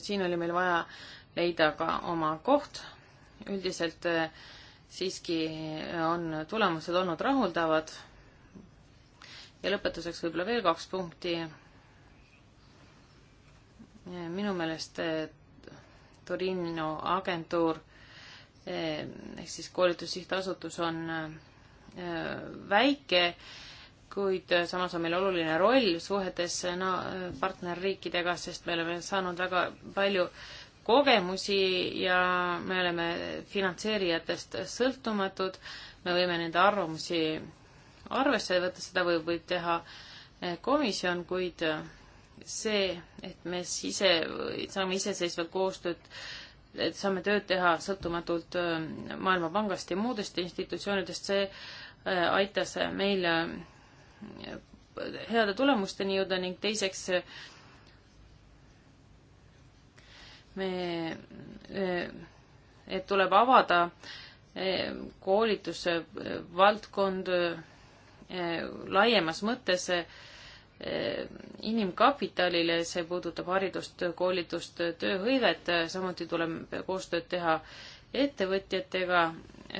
siin oli meil vaja leida ka oma koht. üldiselt äh, siiski äh, on tulemused olnud rahuldavad. ja lõpetuseks võib-olla veel kaks punkti. Äh, minu meelest Torino agentuur ehk siis koolitussihtasutus on väike kuid äh, samas on meil oluline roll suhetes äh, no, partnerriikidega, sest me oleme saanud väga palju kogemusi ja me oleme finantseerijatest sõltumatud, me võime nende arvamusi arvesse võtta, seda võib, võib teha äh, komisjon, kuid see, et me ise, saame iseseisvalt koostööd, et saame tööd teha sõltumatult Maailmapangast ja muudest institutsioonidest, see aitas meil heade tulemusteni jõuda ning teiseks me, et tuleb avada eh, koolituse eh, valdkond eh, laiemas mõttes inimkapitalile, see puudutab haridust, koolitust, tööhõivet, samuti tuleb koostööd teha ettevõtjatega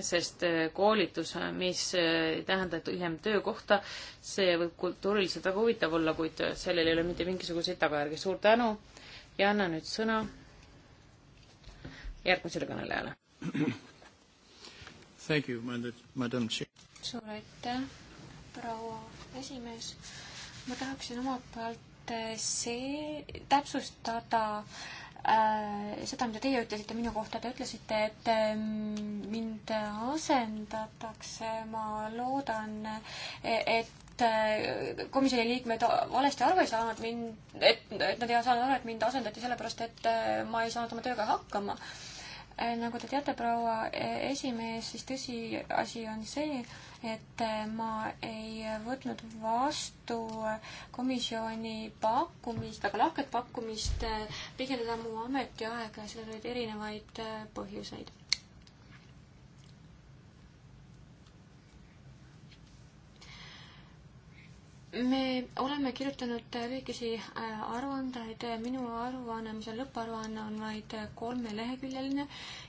sest äh, koolitus, äh, mis äh, tähendab hiljem töökohta, see võib kultuuriliselt väga huvitav olla, kuid sellel ei ole mitte mingisuguseid tagajärgi. suur tänu ja annan nüüd sõna järgmisele kõnelejale. Thank you, madam chair. suur aitäh, proua esimees. ma tahaksin omalt poolt see täpsustada äh, Äh, seda, mida teie ütlesite minu kohta, te ütlesite, et ähm, mind asendatakse, ma loodan, et äh, komisjoni liikmed valesti aru ei saanud mind, et, et nad ei saanud aru, et mind asendati sellepärast, et äh, ma ei saanud oma tööga hakkama Äh, nagu te teate, proua e, esimees, siis tõsiasi on see, et äh, ma ei võtnud vastu komisjoni pakkumist, väga lahket pakkumist äh, pikendada mu ametiaega ja sellel olid erinevaid põhjuseid. me oleme kirjutanud lühikesi äh, aruandeid, minu aruanne, mis on lõpparuanne, on vaid kolmeleheküljeline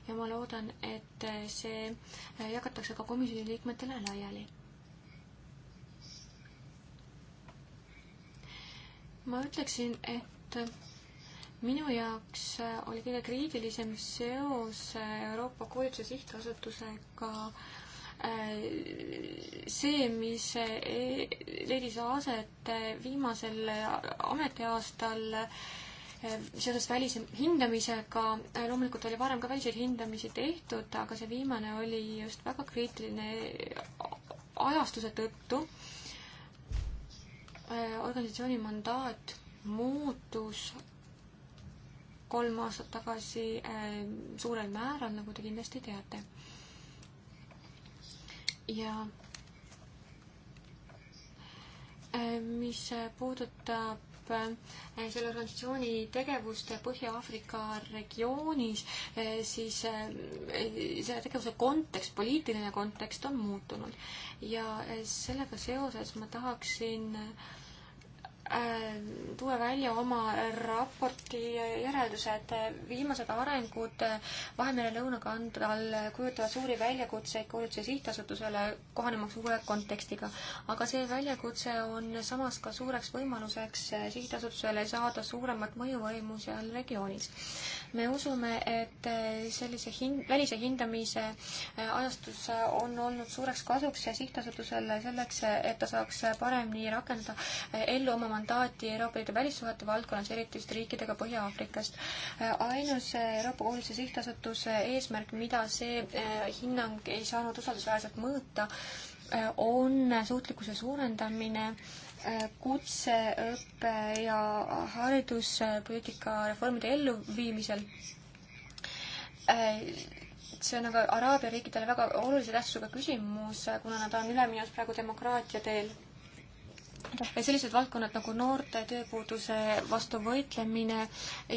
ja ma loodan, et see äh, jagatakse ka komisjoni liikmetele laiali. ma ütleksin, et minu jaoks äh, oli kõige kriitilisem seos Euroopa Koolituse Sihtasutusega äh, Äh, see, mis äh, leidis aset äh, viimasel ametiaastal seoses välise hindamisega, loomulikult oli varem ka väliseid hindamisi tehtud, aga see viimane oli just väga kriitiline ajastuse tõttu. organisatsiooni mandaat muutus kolm aastat tagasi suurel määral, nagu te kindlasti teate ja äh, mis puudutab äh, selle organisatsiooni tegevust Põhja-Aafrika regioonis, äh, siis selle tegevuse kontekst, poliitiline kontekst on muutunud ja sellega seoses ma tahaksin äh, Äh, tuua välja oma raporti järeldused. viimased arengud Vahemere lõunakandral kujutavad suuri väljakutseid koolituse sihtasutusele kohanemaks uue kontekstiga. aga see väljakutse on samas ka suureks võimaluseks sihtasutusele saada suuremat mõjuvõimu seal regioonis. me usume, et sellise hin-, välise hindamise ajastus on olnud suureks kasuks sihtasutusele selleks, et ta saaks paremini rakendada ellu oma mandaati Euroopa Liidu välissuhete valdkonnas, eriti just riikidega Põhja-Aafrikast. Äh, ainus äh, Euroopa Koolituse Sihtasutuse eesmärk, mida see äh, hinnang ei saanud usaldusväärselt mõõta, on suutlikkuse suurendamine kutseõppe ja hariduspoliitika reformide elluviimisel see on aga Araabia riikidele väga olulise tähtsusega küsimus, kuna nad on üle minemas praegu demokraatia teel sellised valdkonnad nagu noorte tööpuuduse vastu võitlemine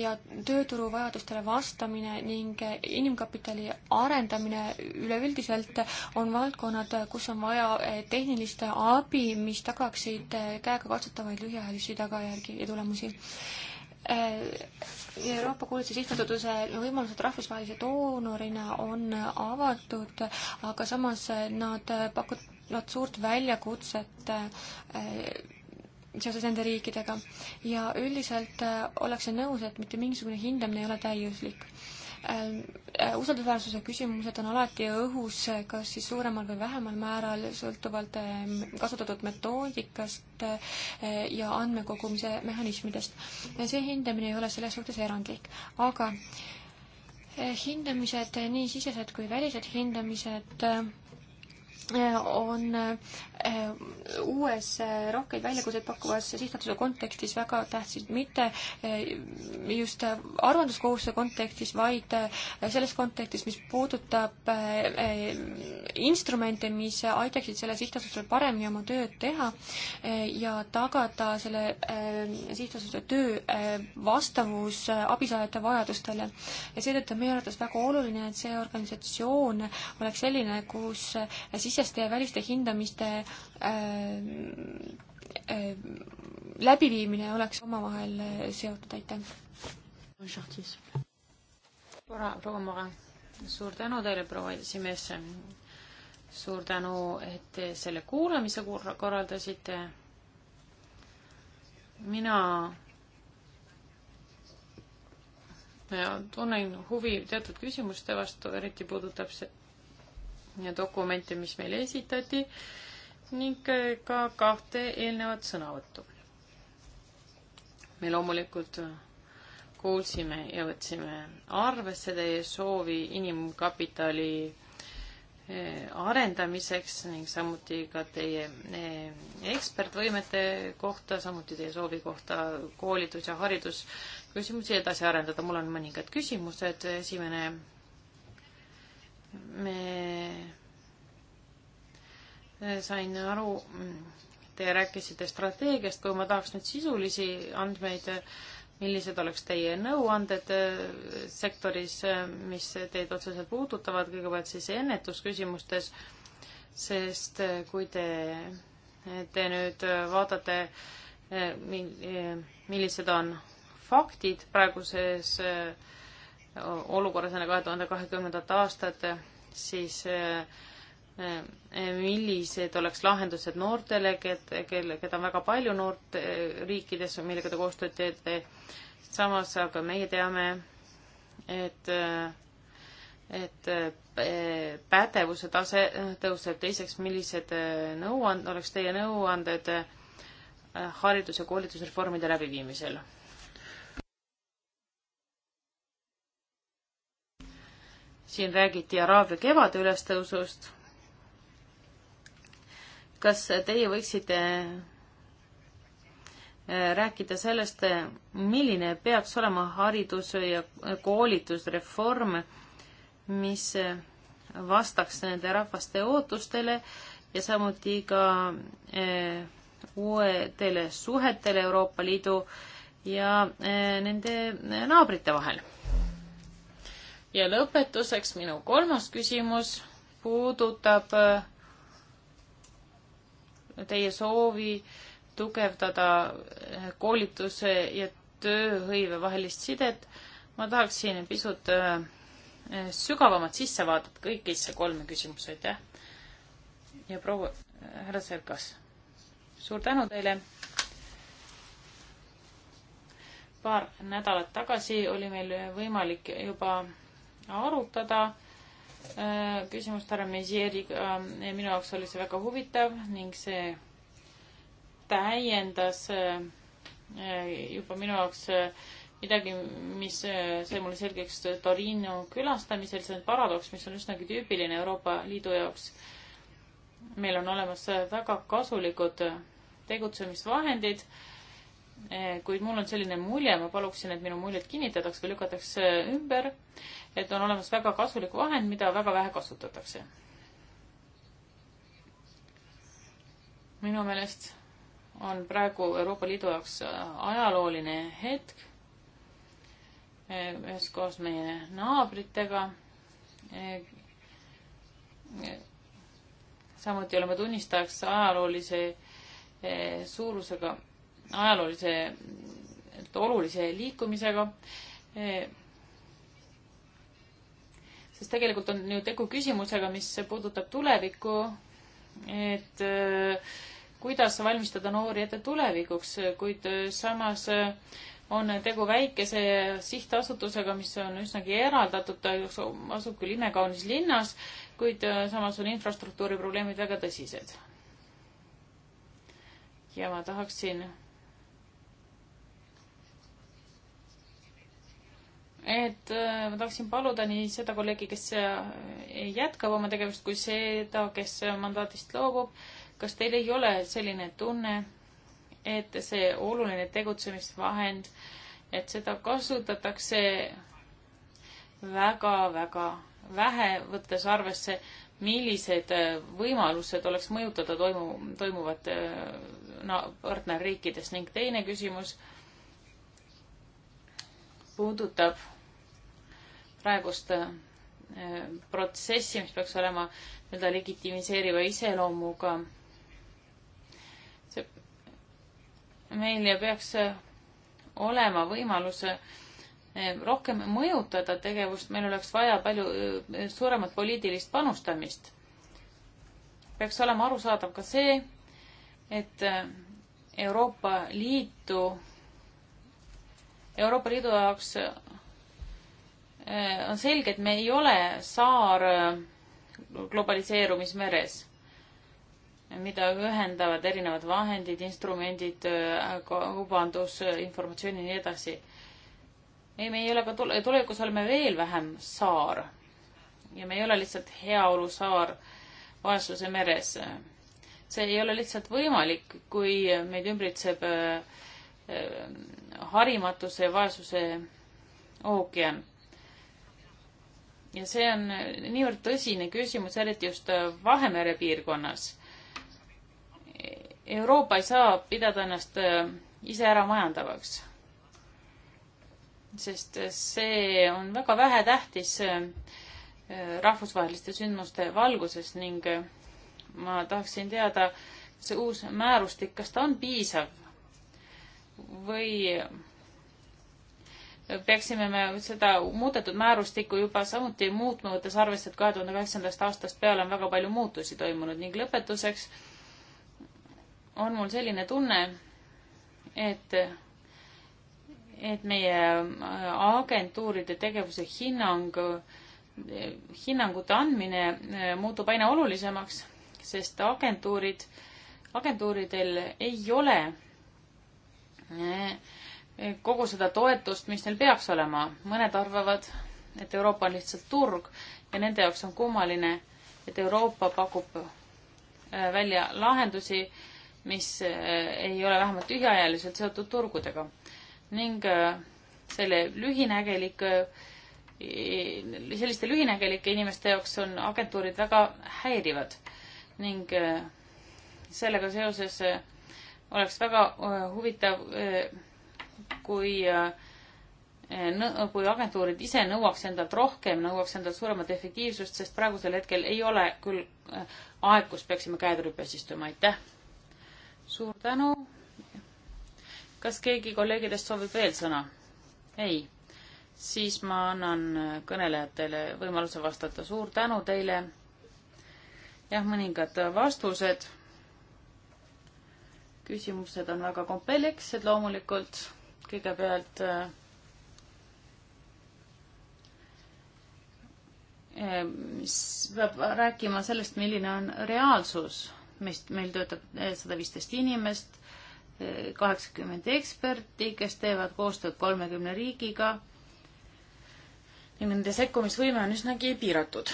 ja tööturu vajadustele vastamine ning inimkapitali arendamine üleüldiselt on valdkonnad, kus on vaja tehnilist abi, mis tagaksid käegakatsutavaid lühiajalisi tagajärgi ja tulemusi. Äh, Euroopa Koolituse Sihtasutuse võimalused rahvusvahelise doonorina on avatud, aga samas nad pakuvad nad suurt väljakutset äh, seoses nende riikidega ja üldiselt äh, ollakse nõus, et mitte mingisugune hindamine ei ole täiuslik. Ähm, äh, usaldusväärsuse küsimused on alati õhus, kas siis suuremal või vähemal määral, sõltuvalt ähm, kasutatud metoodikast ja andmekogumise mehhanismidest. see hindamine ei ole selles suhtes erandlik, aga hindamised, nii sisesed kui välised hindamised on eh, uues eh, rohkeid väljakutseid pakkuvas sihtasutuse kontekstis väga tähtsad, mitte eh, just aruandluskohustuse kontekstis, vaid selles kontekstis, mis puudutab instrumente, mis aitaksid selle sihtasutusel paremini oma tööd teha ja tagada selle sihtasutuse töö vastavus abisaajate vajadustele. ja seetõttu on meie arvates väga oluline, et see organisatsioon oleks selline, kus sisse siseste ja väliste hindamiste äh, äh, läbiviimine oleks omavahel äh, seotud, aitäh. proua Mora, suur tänu teile, proua esimees. suur tänu, et te selle kuulamise korraldasite. mina tunnen huvi teatud küsimuste vastu, eriti puudutab see dokumenti, mis meile esitati ning äh, ka kahte eelnevat sõnavõttu. me loomulikult äh, kuulsime ja võtsime arvesse teie soovi inimkapitali äh, arendamiseks ning samuti ka teie ekspertvõimete kohta, samuti teie soovi kohta koolitus- ja haridusküsimusi edasi arendada. mul on mõningad küsimused. esimene me sain aru, te rääkisite strateegiast, kui ma tahaks nüüd sisulisi andmeid, millised oleks teie nõuanded äh, sektoris, äh, mis teid otseselt puudutavad, kõigepealt siis ennetusküsimustes, sest äh, kui te, te nüüd vaatate, millised on faktid praeguses äh, olukorras enne kahe tuhande kahekümnendat aastat, siis eh, eh, millised oleks lahendused noortele, kelle, keda on väga palju noort eh, riikides, millega te koostööd teete. samas aga meie teame, et, et pädevuse tase tõuseb. teiseks, millised nõuand-, oleks teie nõuanded haridus- ja koolitusreformide läbiviimisel? siin räägiti Araabia kevade ülestõusust. kas teie võiksite äh, rääkida sellest, milline peaks olema haridus- ja koolitusreform, mis äh, vastaks nende rahvaste ootustele ja samuti ka äh, uuetele suhetele Euroopa Liidu ja nende naabrite vahel ja lõpetuseks minu kolmas küsimus puudutab äh, teie soovi tugevdada äh, koolituse ja tööhõive vahelist sidet. ma tahaksin pisut äh, sügavamat sissevaadet kõigisse kolme küsimusse, aitäh. ja proua härra Serkas, suur tänu teile. paar nädalat tagasi oli meil võimalik juba arutada äh, küsimust härra Meisieriga. Äh, minu jaoks oli see väga huvitav ning see täiendas äh, juba minu jaoks midagi, mis sai mulle selgeks Torino külastamisel, see on paradoks, mis on üsnagi tüüpiline Euroopa Liidu jaoks. meil on olemas väga kasulikud tegutsemisvahendid, kuid mul on selline mulje, ma paluksin, et minu muljet kinnitatakse või lükatakse ümber, et on olemas väga kasulik vahend, mida väga vähe kasutatakse. minu meelest on praegu Euroopa Liidu jaoks äh, ajalooline hetk äh, üheskoos meie naabritega. Äh, samuti oleme tunnistajaks ajaloolise suurusega, ajaloolise, olulise liikumisega sest tegelikult on ju tegu küsimusega, mis puudutab tulevikku, et äh, kuidas valmistada noori ette tulevikuks, kuid äh, samas äh, on tegu väikese sihtasutusega, mis on üsnagi eraldatud, ta asub küll imekaunis linnas, kuid samas on infrastruktuuri probleemid väga tõsised. ja ma tahaksin et äh, ma tahaksin paluda nii seda kolleegi, kes äh, jätkab oma tegevust, kui seda, kes äh, mandaadist loobub. kas teil ei ole selline tunne, et see oluline tegutsemisvahend, et seda kasutatakse väga-väga vähe, võttes arvesse, millised võimalused oleks mõjutada toimu, toimuvat na, partnerriikides ning teine küsimus puudutab praegust äh, protsessi, mis peaks olema nii-öelda legitimiseeriva iseloomuga. see, meil peaks äh, olema võimalus äh, rohkem mõjutada tegevust, meil oleks vaja palju suuremat poliitilist panustamist. peaks olema arusaadav ka see, et Euroopa Liitu Euroopa Liidu jaoks eh, on selge, et me ei ole saar eh, globaliseerumismeres, mida ühendavad erinevad vahendid, instrumendid, eh, kaubandus, informatsioon ja nii edasi. ei, me ei ole ka tule-, tulevikus oleme veel vähem saar. ja me ei ole lihtsalt heaolusaar vaesuse meres. see ei ole lihtsalt võimalik, kui meid ümbritseb äh, Äh, harimatuse ja vaesuse ookean. ja see on niivõrd tõsine küsimus, eriti just Vahemere piirkonnas. Euroopa ei saa pidada ennast äh, ise ära majandavaks. sest see on väga vähetähtis äh, rahvusvaheliste sündmuste valguses ning ma tahaksin teada, see uus määrustik, kas ta on piisav või peaksime me seda muudetud määrustikku juba samuti muutma, võttes arvesse, et kahe tuhande kaheksandast aastast peale on väga palju muutusi toimunud ning lõpetuseks on mul selline tunne, et, et meie agentuuride tegevuse hinnang, hinnangute andmine muutub aina olulisemaks, sest agentuurid, agentuuridel ei ole Eh, kogu seda toetust, mis neil peaks olema. mõned arvavad, et Euroopa on lihtsalt turg ja nende jaoks on kummaline, et Euroopa pakub eh, välja lahendusi, mis eh, ei ole vähemalt lühiajaliselt seotud turgudega. ning selle lühinägelik, selliste lühinägelike inimeste jaoks on agentuurid väga häirivad ning sellega seoses oleks väga äh, huvitav, äh, kui äh, kui agentuurid ise nõuaks endalt rohkem, nõuaks endalt suuremat efektiivsust, sest praegusel hetkel ei ole küll aeg, kus peaksime käed rüpes istuma, aitäh. suur tänu. kas keegi kolleegidest soovib veel sõna? ei. siis ma annan kõnelejatele võimaluse vastata. suur tänu teile. jah, mõningad vastused küsimused on väga komplekssed loomulikult. kõigepealt eh, mis peab rääkima sellest, milline on reaalsus, mis meil töötab eh, sada viisteist inimest, eh, kaheksakümmend eksperti, kes teevad koostööd kolmekümne riigiga ja nende sekkumisvõime on üsnagi piiratud.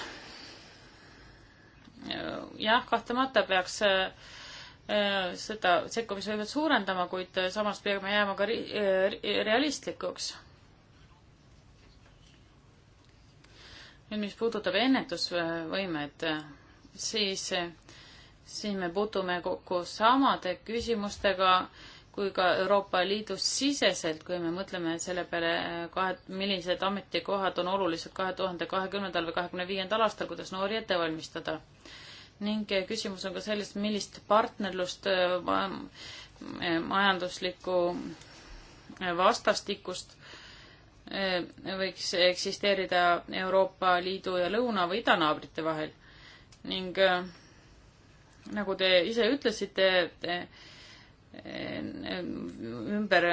jah, kahtlemata peaks äh, Äh, seda sekkumist võivad suurendama, kuid äh, samas peame jääma ka äh, realistlikuks. nüüd, mis puudutab ennetusvõimet, siis, siis me puutume kokku samade küsimustega kui ka Euroopa Liidus siseselt, kui me mõtleme selle peale, kahe, millised ametikohad on olulised kahe tuhande kahekümnendal või kahekümne viiendal aastal, kuidas noori ette valmistada ning küsimus on ka selles, millist partnerlust äh, äh, majanduslikku äh, vastastikust võiks eksisteerida Euroopa Liidu ja lõuna- või idanaabrite vahel. ning nagu te ise ütlesite, ümber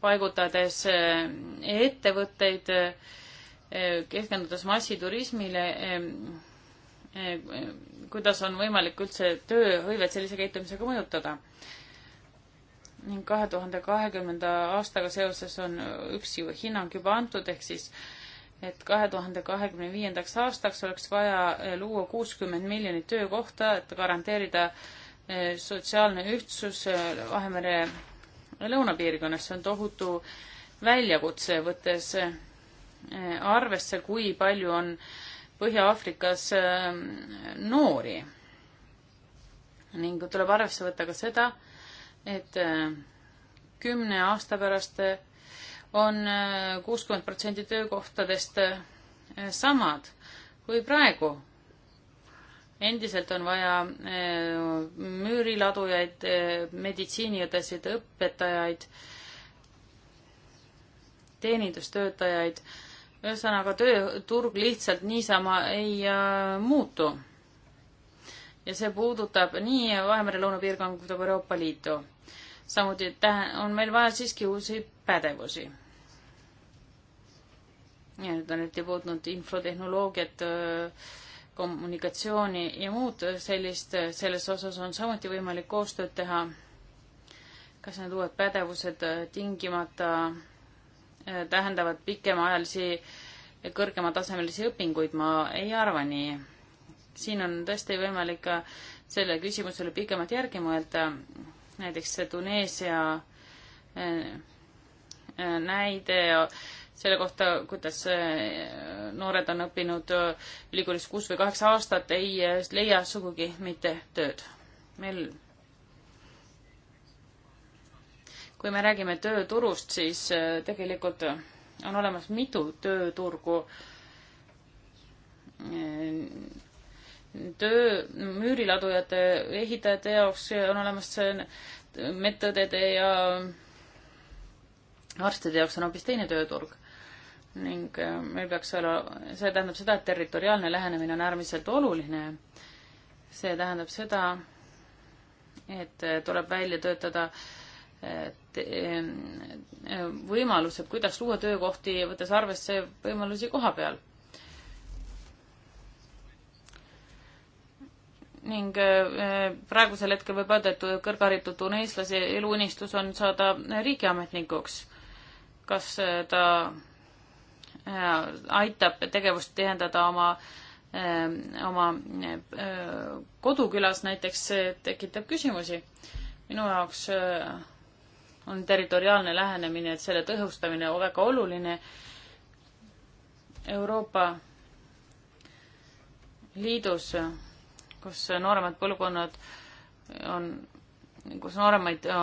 paigutades ettevõtteid, keskendudes massiturismile, kuidas on võimalik üldse tööhõivet sellise käitumisega mõjutada. ning kahe tuhande kahekümnenda aastaga seoses on üks ju hinnang juba antud, ehk siis et kahe tuhande kahekümne viiendaks aastaks oleks vaja eh, luua kuuskümmend miljonit töökohta, et garanteerida eh, sotsiaalne ühtsus eh, Vahemere lõunapiirkonnas, see on tohutu väljakutse, võttes arvesse, kui palju on äh, Põhja-Aafrikas ähm, noori. ning tuleb arvesse võtta ka seda, et äh, kümne aasta pärast äh, on äh, kuuskümmend protsenti töökohtadest samad kui praegu. endiselt on vaja müüriladujaid, meditsiiniõdesid, õpetajaid, teenindustöötajaid ühesõnaga, tööturg lihtsalt niisama ei äh, muutu. ja see puudutab nii Vahemere lõunapiirkonda kui ka Euroopa Liitu. samuti tähe-, on meil vaja siiski uusi pädevusi. ja nüüd on eriti puudunud infotehnoloogiat, äh, kommunikatsiooni ja muud sellist, selles osas on samuti võimalik koostööd teha. kas need uued pädevused äh, tingimata äh, Äh, tähendavad pikemaajalisi kõrgematasemelisi õpinguid, ma ei arva nii. siin on tõesti võimalik ka selle küsimusele pikemalt järgi mõelda, näiteks see Tuneesia äh, äh, näide selle kohta, kuidas noored on õppinud ülikoolis kuus või kaheksa aastat, ei leia sugugi mitte tööd. meil kui me räägime tööturust, siis äh, tegelikult on olemas mitu tööturgu. Äh, töö müüriladujate, ehitajate jaoks on olemas äh, medõdede ja arstide jaoks on hoopis teine tööturg ning meil peaks olla, see tähendab seda, et territoriaalne lähenemine on äärmiselt oluline. see tähendab seda, et tuleb välja töötada võimalused, kuidas luua töökohti, võttes arvesse võimalusi koha peal. ning eh, praegusel hetkel võib öelda, et kõrgharitud tuneeslase eluunistus on saada riigiametnikuks. kas eh, ta eh, aitab tegevust tihendada oma oma kodukülas näiteks tekitab küsimusi. minu jaoks on territoriaalne lähenemine, et selle tõhustamine on väga oluline. Euroopa Liidus, kus nooremad põlvkonnad on, kus nooremaid äh,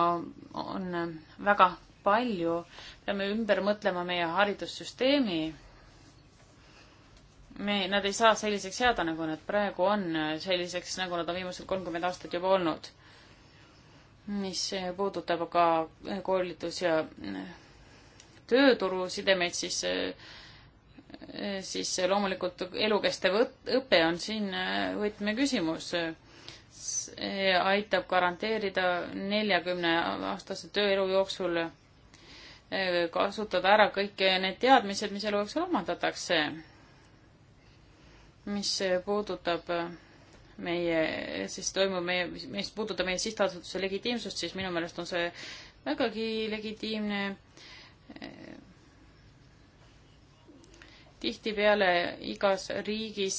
on väga palju, peame ümber mõtlema meie haridussüsteemi. me, nad ei saa selliseks jääda, nagu nad praegu on, selliseks, nagu nad on viimased kolmkümmend aastat juba olnud mis puudutab aga koolitus- ja äh, tööturusidemeid, siis, äh, siis loomulikult elukestev õpe on siin äh, võtmeküsimus. see aitab garanteerida neljakümne aastase tööelu jooksul kasutada ära kõik need teadmised, mis elu jooksul omandatakse. mis puudutab meie, siis toimub meie, mis puudutab meie sihtasutuse legitiimsust, siis minu meelest on see vägagi legitiimne. tihtipeale igas riigis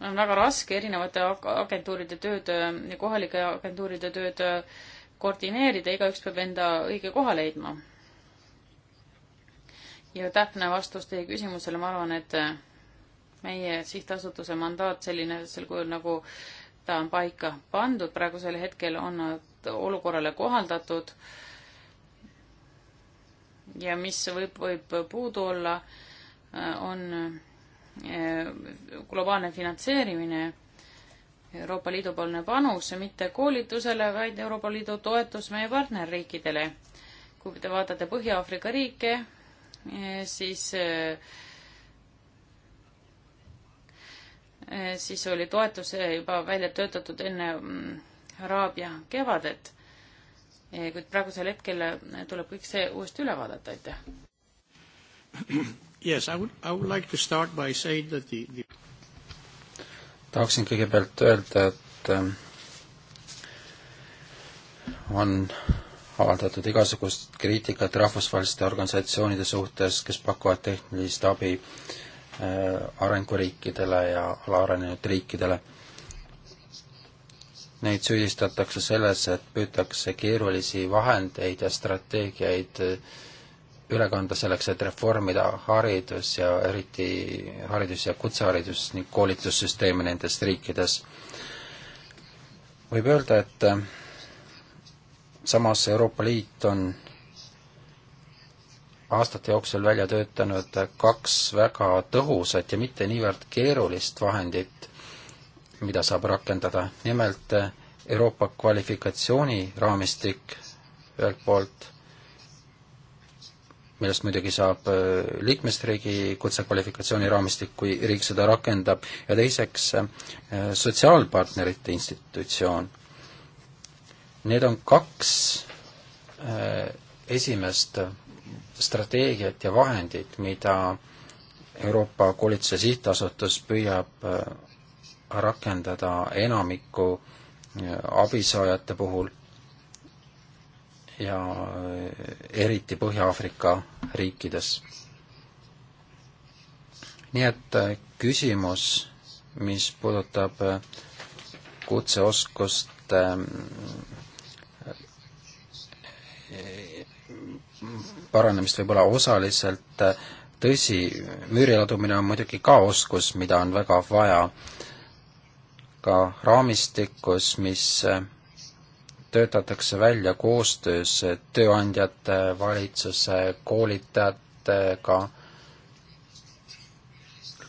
on väga raske erinevate agentuuride tööd ja kohalike agentuuride tööd koordineerida, igaüks peab enda õige koha leidma. ja täpne vastus teie küsimusele, ma arvan, et meie sihtasutuse mandaat selline, sel kujul nagu ta on paika pandud, praegusel hetkel on nad olukorrale kohaldatud ja mis võib, võib puudu olla, äh, on äh, globaalne finantseerimine, Euroopa Liidu poolne panus, mitte koolitusele, vaid Euroopa Liidu toetus meie partnerriikidele. kui te vaatate Põhja-Aafrika riike, eh, siis äh, Eh, siis oli toetus juba välja töötatud enne mm, Araabia kevadet. Eh, kuid praegusel hetkel eh, tuleb kõik see uuesti üle vaadata, aitäh. Yes, I would, I would like to start by saying that the, the tahaksin kõigepealt öelda, et ehm, on avaldatud igasugust kriitikat rahvusvaheliste organisatsioonide suhtes, kes pakuvad tehnilist abi äh, Äh, arenguriikidele ja alaarenenud riikidele. Neid süüdistatakse selles, et püütakse keerulisi vahendeid ja strateegiaid äh, üle kanda selleks, et reformida haridus ja eriti haridus- ja kutseharidus ning koolitussüsteeme nendes riikides. võib öelda, et äh, samas Euroopa Liit on aastate jooksul välja töötanud kaks väga tõhusat ja mitte niivõrd keerulist vahendit, mida saab rakendada, nimelt Euroopa kvalifikatsiooniraamistik ühelt poolt, millest muidugi saab äh, liikmesriigi kutsekvalifikatsiooniraamistik, kui riik seda rakendab, ja teiseks äh, sotsiaalpartnerite institutsioon. Need on kaks äh, esimest strateegiat ja vahendid, mida Euroopa Koolituse Sihtasutus püüab äh, rakendada enamiku äh, abisaajate puhul ja äh, eriti Põhja-Aafrika riikides. nii et küsimus, mis puudutab kutseoskuste ähm, paranemist võib-olla osaliselt, äh, tõsi, müüri ladumine on muidugi ka oskus, mida on väga vaja, ka raamistikus, mis äh, töötatakse välja koostöös tööandjate, valitsuse, koolitajatega,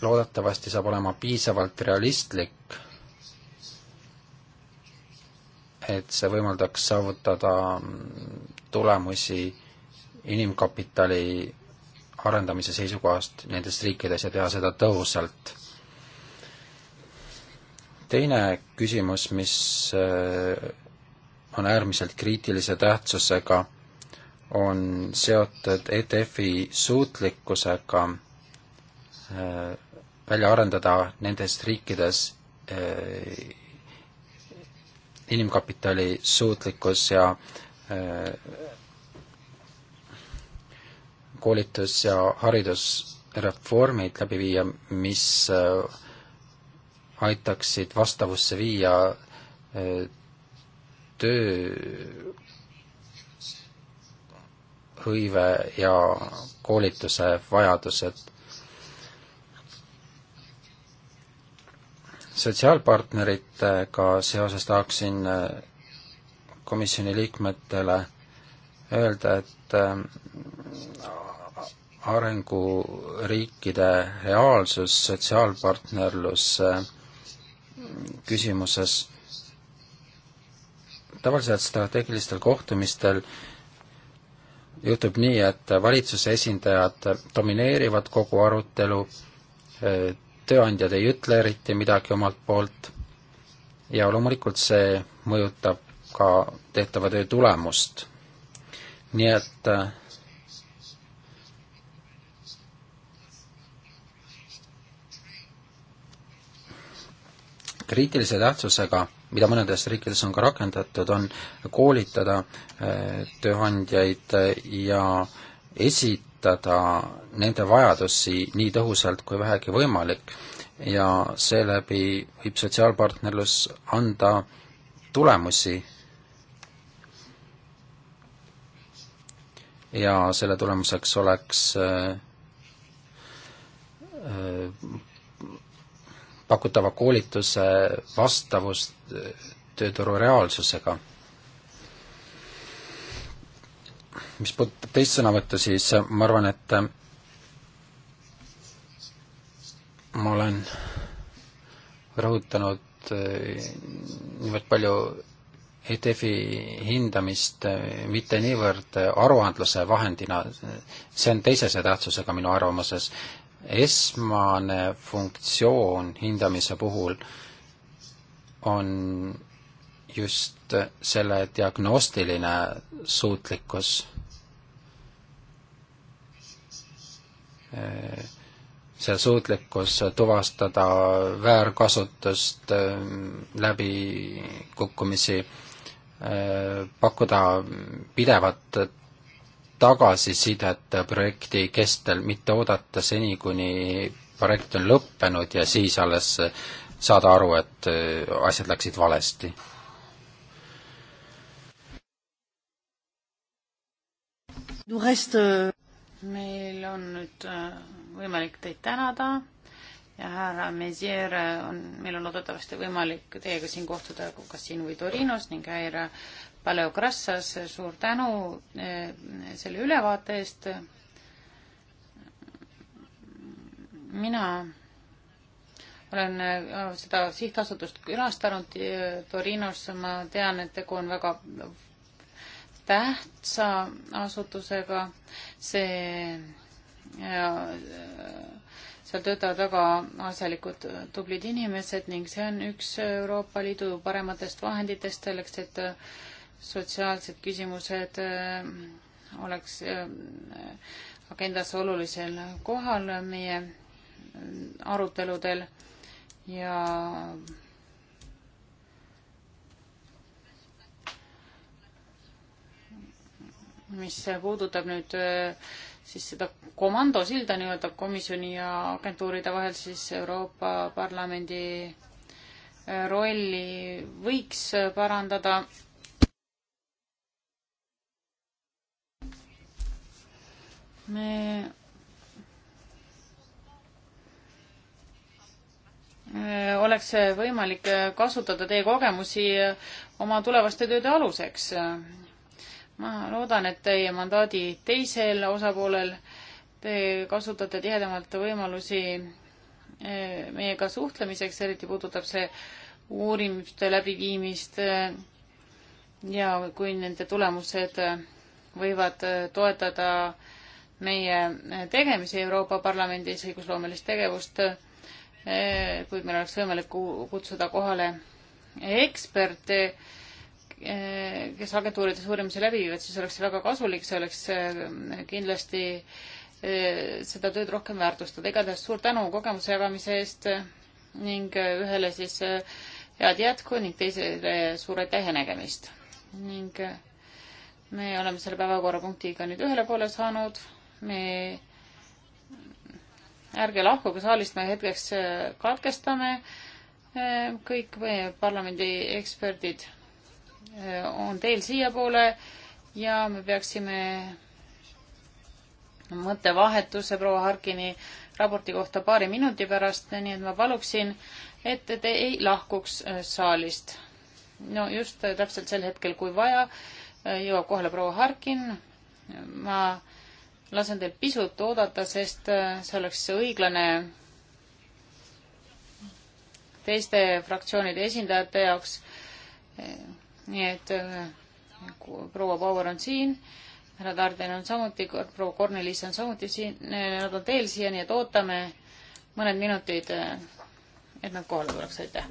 loodetavasti saab olema piisavalt realistlik, et see võimaldaks saavutada mm, tulemusi inimkapitali arendamise seisukohast nendes riikides ja teha seda tõhusalt. teine küsimus, mis äh, on äärmiselt kriitilise tähtsusega, on seotud ETF-i suutlikkusega äh, välja arendada nendes riikides äh, inimkapitali suutlikkus ja koolitus- ja haridusreformid läbi viia, mis äh, aitaksid vastavusse viia äh, töö, hõive ja koolituse vajadused. sotsiaalpartneritega seoses tahaksin äh, komisjoni liikmetele öelda, et arenguriikide reaalsus sotsiaalpartnerluse mm, küsimuses. tavaliselt strateegilistel kohtumistel juhtub nii, et valitsuse esindajad domineerivad kogu arutelu, tööandjad ei ütle eriti midagi omalt poolt ja loomulikult see mõjutab ka tehtava töö tulemust. nii et äh, kriitilise tähtsusega, mida mõnedes riikides on ka rakendatud, on koolitada äh, tööandjaid äh, ja esitada nende vajadusi nii tõhusalt kui vähegi võimalik ja seeläbi võib sotsiaalpartnerlus anda tulemusi ja selle tulemuseks oleks äh, pakutava koolituse vastavust tööturu reaalsusega. mis puudutab teist sõnavõttu, siis ma arvan, et ma olen rõhutanud eh, niivõrd palju ETF-i hindamist eh, mitte niivõrd aruandluse vahendina, see on teisese tähtsusega minu arvamuses, esmane funktsioon hindamise puhul on just selle diagnostiline suutlikkus. see suutlikkus tuvastada väärkasutust, läbikukkumisi, pakkuda pidevat tagasisidet projekti kestel, mitte oodata seni, kuni projekt on lõppenud ja siis alles saada aru, et äh, asjad läksid valesti? Euh, meil on nüüd äh, võimalik teid tänada ja härra Mezier äh, on, meil on loodetavasti võimalik teiega siin kohtuda kas siin või Torinos ning härra Paleokrassas, suur tänu eh, selle ülevaate eest. mina olen eh, seda sihtasutust külastanud eh, Torinos, ma tean, et tegu on väga tähtsa asutusega, see ja seal töötavad väga asjalikud tublid inimesed ning see on üks Euroopa Liidu parematest vahenditest selleks, et sotsiaalsed küsimused äh, oleks äh, agendas olulisel kohal meie äh, aruteludel ja mis puudutab nüüd siis seda komandosilda nii-öelda komisjoni ja agentuuride vahel, siis Euroopa Parlamendi rolli võiks parandada me oleks võimalik kasutada teie kogemusi oma tulevaste tööde aluseks. ma loodan, et teie mandaadi teisel osapoolel te kasutate tihedamalt võimalusi eh, meiega suhtlemiseks, eriti puudutab see uurimuste läbiviimist eh, ja kui nende tulemused võivad eh, toetada äh, meie tegemisi Euroopa Parlamendis, õigusloomelist tegevust, eh, kuid meil oleks võimalik kutsuda kohale eksperte, eh, kes agentuurides uurimusi läbi viivad, siis oleks see väga kasulik, see oleks eh, kindlasti seda tööd rohkem väärtustada. igatahes suur tänu kogemuse jagamise eest ning ühele siis head jätku ning teisele suur aitäh ja nägemist. ning me oleme selle päevakorrapunktiga nüüd ühele poole saanud me, ärge lahkuge saalist, me hetkeks äh, katkestame. Äh, kõik meie parlamendi eksperdid äh, on teel siiapoole ja me peaksime mõttevahetuse proua Harkini raporti kohta paari minuti pärast, nii et ma paluksin, et te ei lahkuks saalist. no just täpselt sel hetkel, kui vaja, jõuab kohale proua Harkin. ma lasen teil pisut oodata, sest äh, see oleks õiglane teiste fraktsioonide esindajate jaoks. Äh, nii et äh, proua Bauer on siin, härra Tarden on samuti, proua Kornelis on samuti siin, nad on teel siia, nii et ootame mõned minutid, et nad kohale tuleks, aitäh.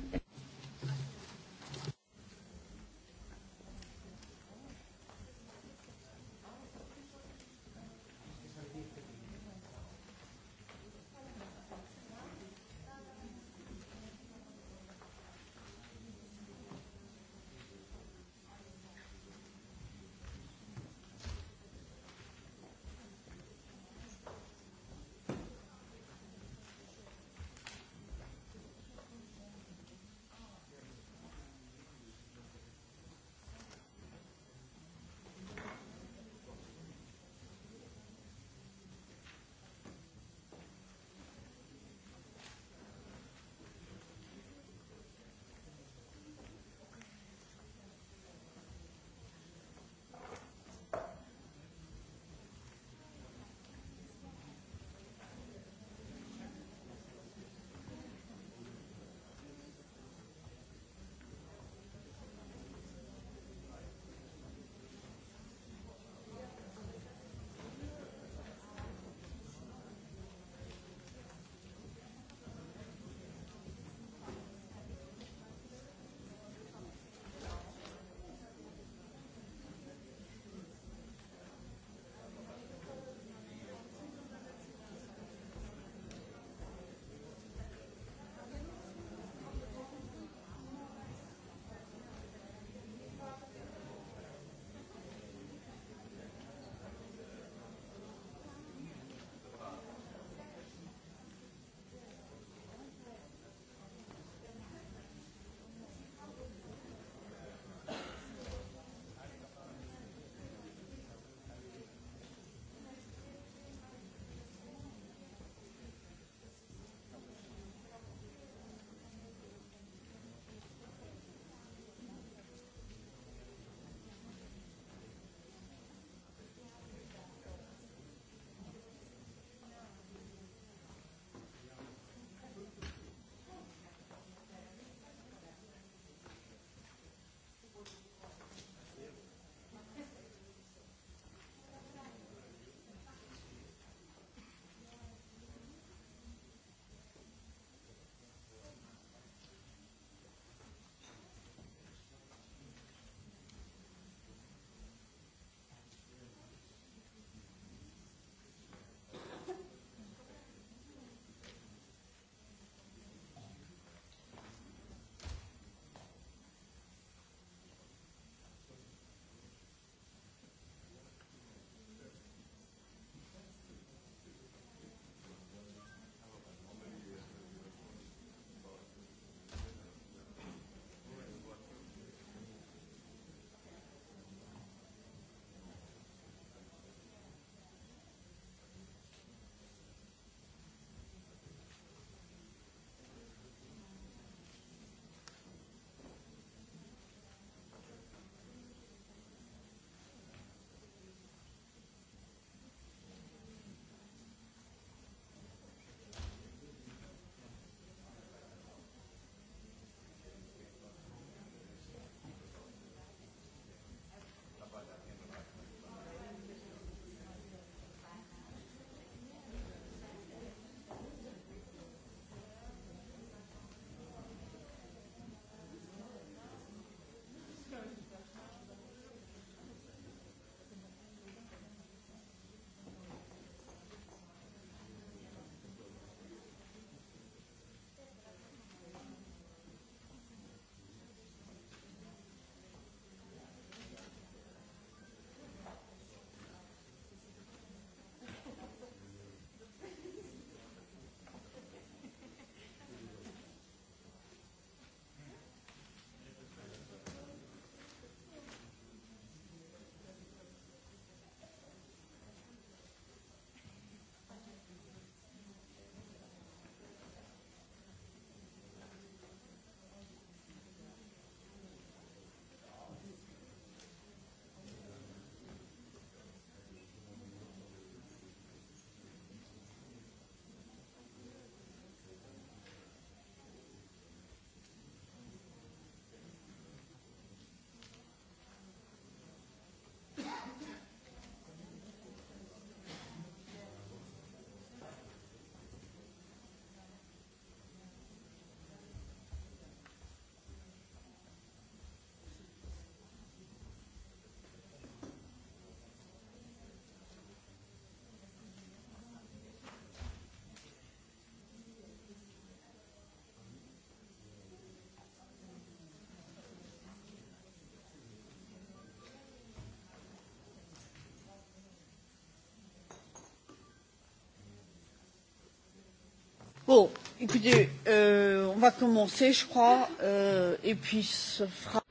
Bon, écoutez, euh, on va commencer, je crois, euh, et puis ce fera...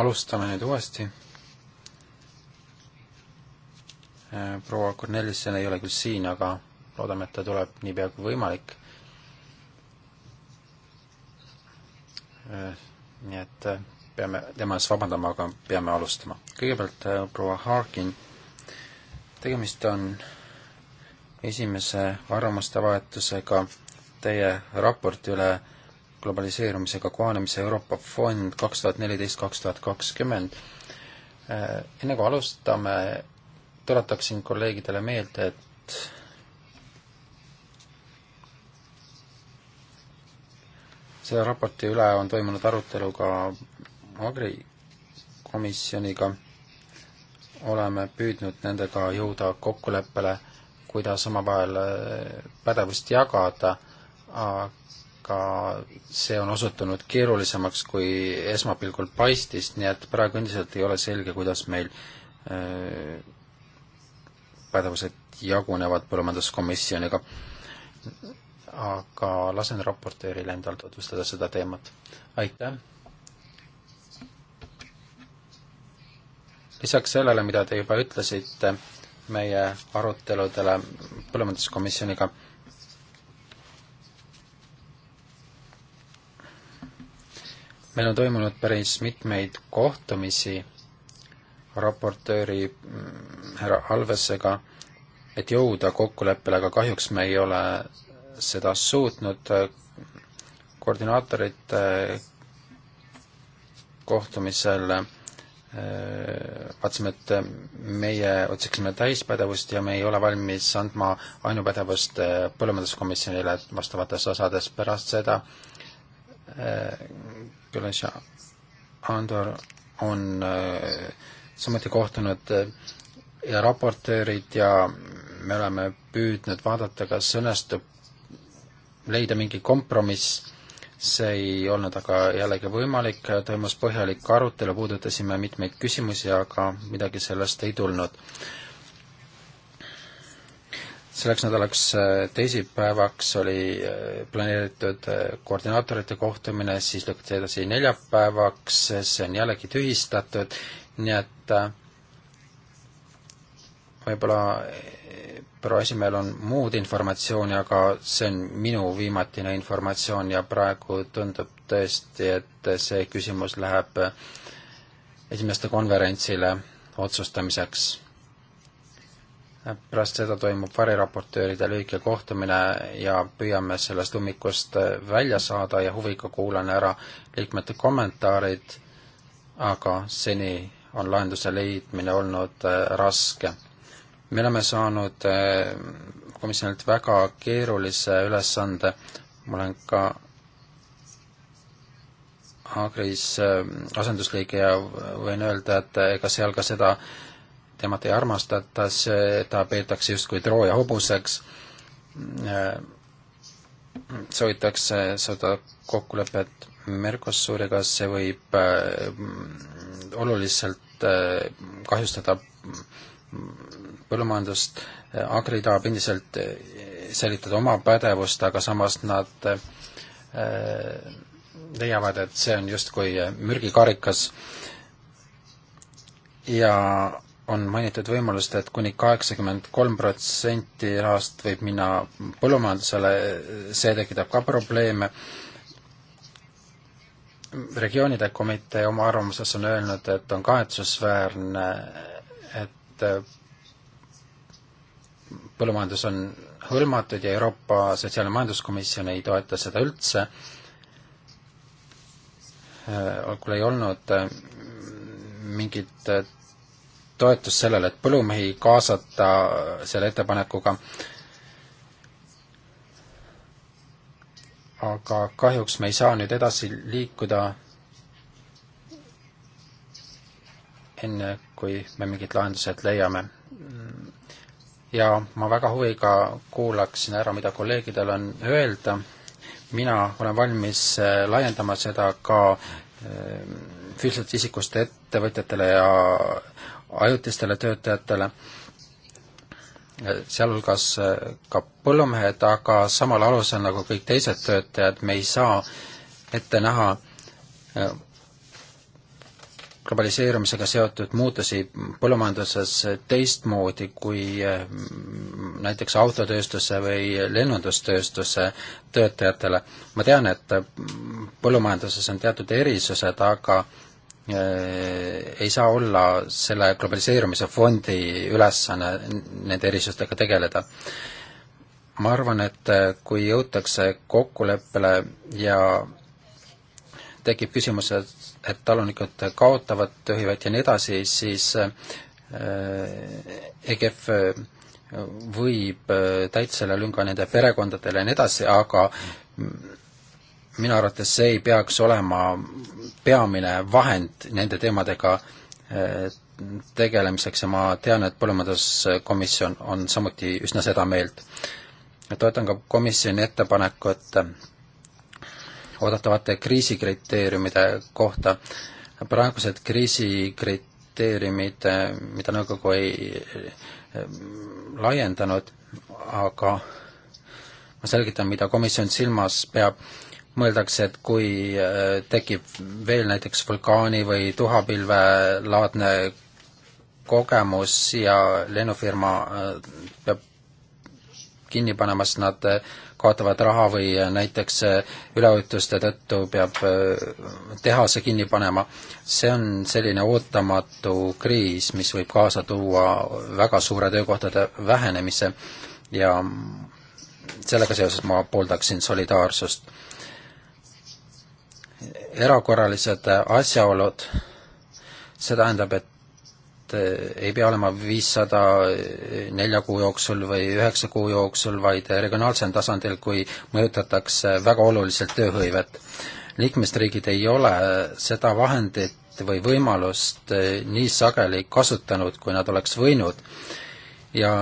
alustame nüüd uuesti. Äh, proua Cornelissen ei ole küll siin, aga loodame, et ta tuleb niipea kui võimalik. Äh, nii et äh, peame tema ees vabandama, aga peame alustama. kõigepealt proua Harkin, tegemist on esimese arvamuste vahetusega teie raporti üle globaliseerumisega kohanemise Euroopa Fond kaks tuhat neliteist, kaks tuhat kakskümmend. Äh, enne kui alustame, tuletaksin kolleegidele meelde, et selle raporti üle on toimunud arutelu ka Agri komisjoniga, oleme püüdnud nendega jõuda kokkuleppele, kuidas omavahel äh, pädevust jagada aga see on osutunud keerulisemaks, kui esmapilgul paistis, nii et praegu endiselt ei ole selge, kuidas meil äh, pädevused jagunevad põllumajanduskomisjoniga. aga lasen raportööril endal tutvustada seda teemat. aitäh! lisaks sellele, mida te juba ütlesite, meie aruteludele põllumajanduskomisjoniga meil on toimunud päris mitmeid kohtumisi raportööri mm, härra Alvesega, et jõuda kokkuleppele, aga kahjuks me ei ole seda suutnud. koordinaatorite eh, kohtumisel eh, vaatasime, et meie otsiksime täispädevust ja me ei ole valmis andma ainupädevust eh, põllumajanduskomisjonile vastavates osades pärast seda külas ja Andor on äh, samuti kohtunud äh, ja raportöörid ja me oleme püüdnud vaadata, kas õnnestub leida mingi kompromiss, see ei olnud aga jällegi võimalik, toimus põhjalik arutelu, puudutasime mitmeid küsimusi, aga midagi sellest ei tulnud selleks nädalaks äh, teisipäevaks oli äh, planeeritud äh, koordinaatorite kohtumine, siis lükati edasi neljapäevaks, see on jällegi tühistatud, nii et võib-olla proua esimehel on muud informatsiooni, aga see on minu viimatine informatsioon ja praegu tundub tõesti, et see küsimus läheb esimeste konverentsile otsustamiseks pärast seda toimub variraportööride lühike kohtumine ja püüame sellest ummikust välja saada ja huviga kuulan ära liikmete kommentaarid, aga seni on lahenduse leidmine olnud äh, raske. me oleme saanud äh, komisjonilt väga keerulise ülesande, ma olen ka Agris äh, asendusliige ja võin öelda, et ega seal ka seda äh, temat ei armastata, seda peetakse justkui Trooja hobuseks, soovitakse seda kokkulepet Mercosuriga, see võib äh, oluliselt äh, kahjustada põllumajandust, Agri tahab endiselt äh, säilitada oma pädevust, aga samas nad leiavad, et see on justkui mürgikarikas ja on mainitud võimalust, et kuni kaheksakümmend kolm protsenti rahast võib minna põllumajandusele, see tekitab ka probleeme. regioonide komitee oma arvamuses on öelnud, et on kahetsusväärne, et põllumajandus on hõlmatud ja Euroopa Sotsiaal- ja Majanduskomisjon ei toeta seda üldse, äh, olgu ei olnud äh, mingit äh, toetus sellele, et põllumehi kaasata äh, selle ettepanekuga, aga kahjuks me ei saa nüüd edasi liikuda enne, kui me mingid lahendused leiame. ja ma väga huviga kuulaksin ära, mida kolleegidel on öelda, mina olen valmis äh, laiendama seda ka äh, füüsilisest isikust ettevõtjatele ja ajutistele töötajatele, sealhulgas äh, ka põllumehed, aga samal alusel nagu kõik teised töötajad, me ei saa ette näha äh, globaliseerumisega seotud muutusi põllumajanduses teistmoodi kui äh, näiteks autotööstuse või lennundustööstuse töötajatele. ma tean, et põllumajanduses on teatud erisused, aga Äh, ei saa olla selle globaliseerumise fondi ülesanne nende erisustega tegeleda. ma arvan, et äh, kui jõutakse kokkuleppele ja tekib küsimus, et, et talunikud kaotavad, töhivad ja nii edasi, siis äh, EGF võib täita selle lünga nende perekondadele ja nii edasi, aga minu arvates see ei peaks olema peamine vahend nende teemadega eh, tegelemiseks ja ma tean, et Põllumajanduskomisjon on samuti üsna seda meelt. toetan ka komisjoni ettepanekut eh, oodatavate kriisikriteeriumide kohta. praegused kriisikriteeriumid, mida nõukogu ei eh, laiendanud, aga ma selgitan, mida komisjon silmas peab mõeldakse, et kui äh, tekib veel näiteks vulkaani või tuhapilvelaadne kogemus ja lennufirma äh, peab kinni panema, sest nad äh, kaotavad raha või näiteks üleujutuste tõttu peab tehase kinni panema. see on selline ootamatu kriis, mis võib kaasa tuua väga suure töökohtade vähenemise ja sellega seoses ma pooldaksin solidaarsust erakorralised asjaolud, see tähendab, et eh, ei pea olema viissada eh, nelja kuu jooksul või üheksa kuu jooksul, vaid regionaalsel tasandil, kui mõjutatakse väga oluliselt tööhõivet. liikmesriigid ei ole eh, seda vahendit või võimalust nii sageli kasutanud, kui nad oleks võinud ja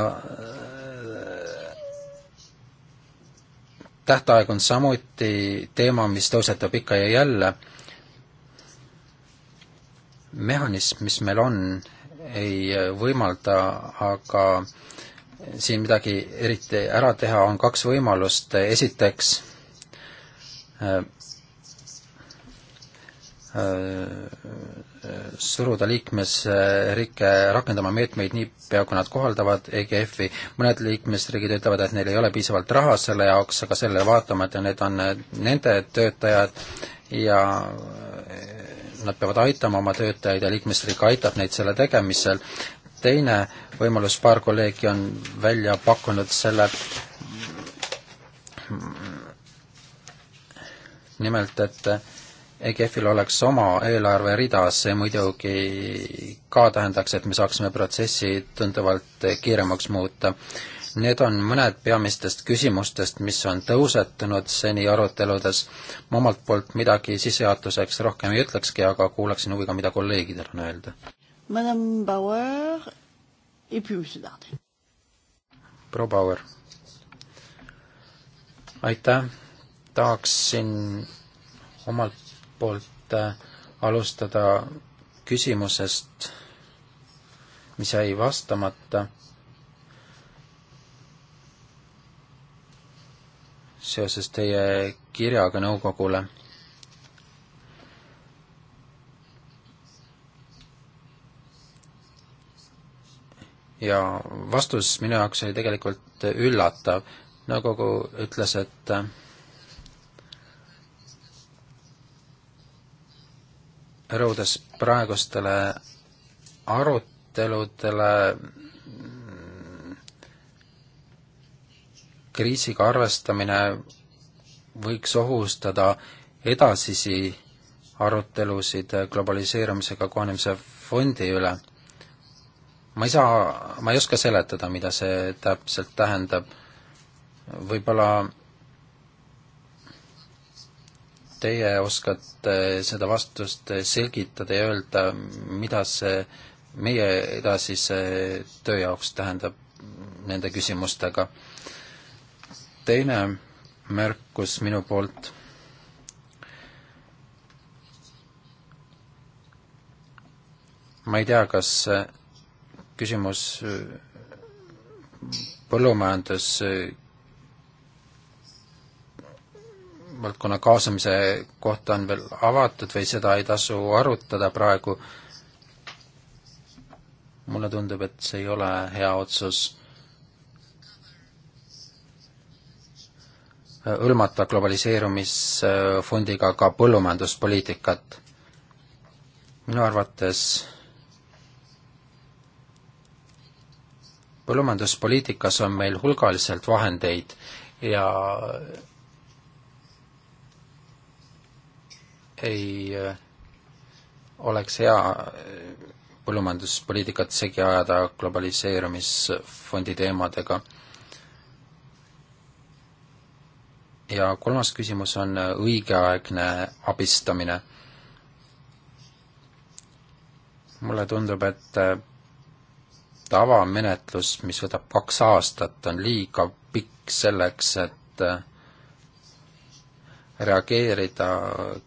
tähtaeg on samuti teema, mis tõusetub ikka ja jälle. mehhanism, mis meil on, ei võimalda aga siin midagi eriti ära teha, on kaks võimalust, esiteks äh, äh, suruda liikmesriike rakendama meetmeid niipea, kui nad kohaldavad EGF-i. mõned liikmesriigid ütlevad, et neil ei ole piisavalt raha selle jaoks, aga sellele vaatamata need on nende töötajad ja eh, nad peavad aitama oma töötajaid ja liikmesriik aitab neid selle tegemisel. teine võimalus, paar kolleegi on välja pakkunud selle mm, nimelt, et EGF-il oleks oma eelarverida, see muidugi ka tähendaks, et me saaksime protsessi tunduvalt kiiremaks muuta. Need on mõned peamistest küsimustest, mis on tõusetunud seni aruteludes. ma omalt poolt midagi sissejuhatuseks rohkem ei ütlekski, aga kuulaksin huviga, mida kolleegidel on öelda. Madame Bauer ja Monsieur Dardenne. proua Bauer. aitäh, tahaksin omalt poolt äh, alustada küsimusest, mis jäi vastamata seoses teie kirjaga nõukogule. ja vastus minu jaoks oli tegelikult üllatav. nõukogu ütles, et rõhudes praegustele aruteludele mm, kriisiga arvestamine võiks ohustada edasisi arutelusid globaliseerumisega kohanemise fondi üle. ma ei saa, ma ei oska seletada, mida see täpselt tähendab. võib-olla teie oskate seda vastust selgitada ja öelda, mida see meie edasise töö jaoks tähendab nende küsimustega. teine märkus minu poolt. ma ei tea, kas küsimus põllumajandus valdkonna kaasamise kohta on veel avatud või seda ei tasu arutada praegu, mulle tundub, et see ei ole hea otsus hõlmata globaliseerumisfondiga ka põllumajanduspoliitikat. minu arvates põllumajanduspoliitikas on meil hulgaliselt vahendeid ja ei äh, oleks hea äh, põllumajanduspoliitikat segi ajada globaliseerumisfondi teemadega. ja kolmas küsimus on äh, õigeaegne abistamine. mulle tundub, et tavamenetlus, mis võtab kaks aastat, on liiga pikk selleks, et reageerida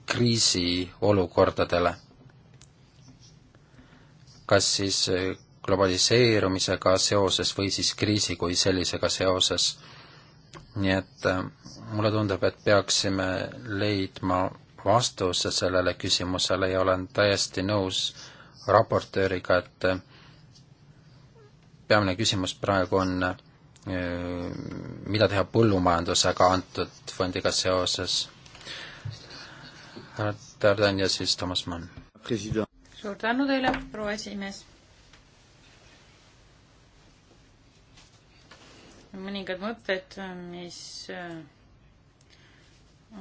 kriisiolukordadele. kas siis eh, globaliseerumisega seoses või siis kriisi kui sellisega seoses. nii et eh, mulle tundub, et peaksime leidma vastuse sellele küsimusele ja olen täiesti nõus raportööriga, et eh, peamine küsimus praegu on, mida teha põllumajandusega antud fondiga seoses Tardan ja siis Toomas Mann. suur tänu teile, proua esimees. mõningad mõtted, mis äh,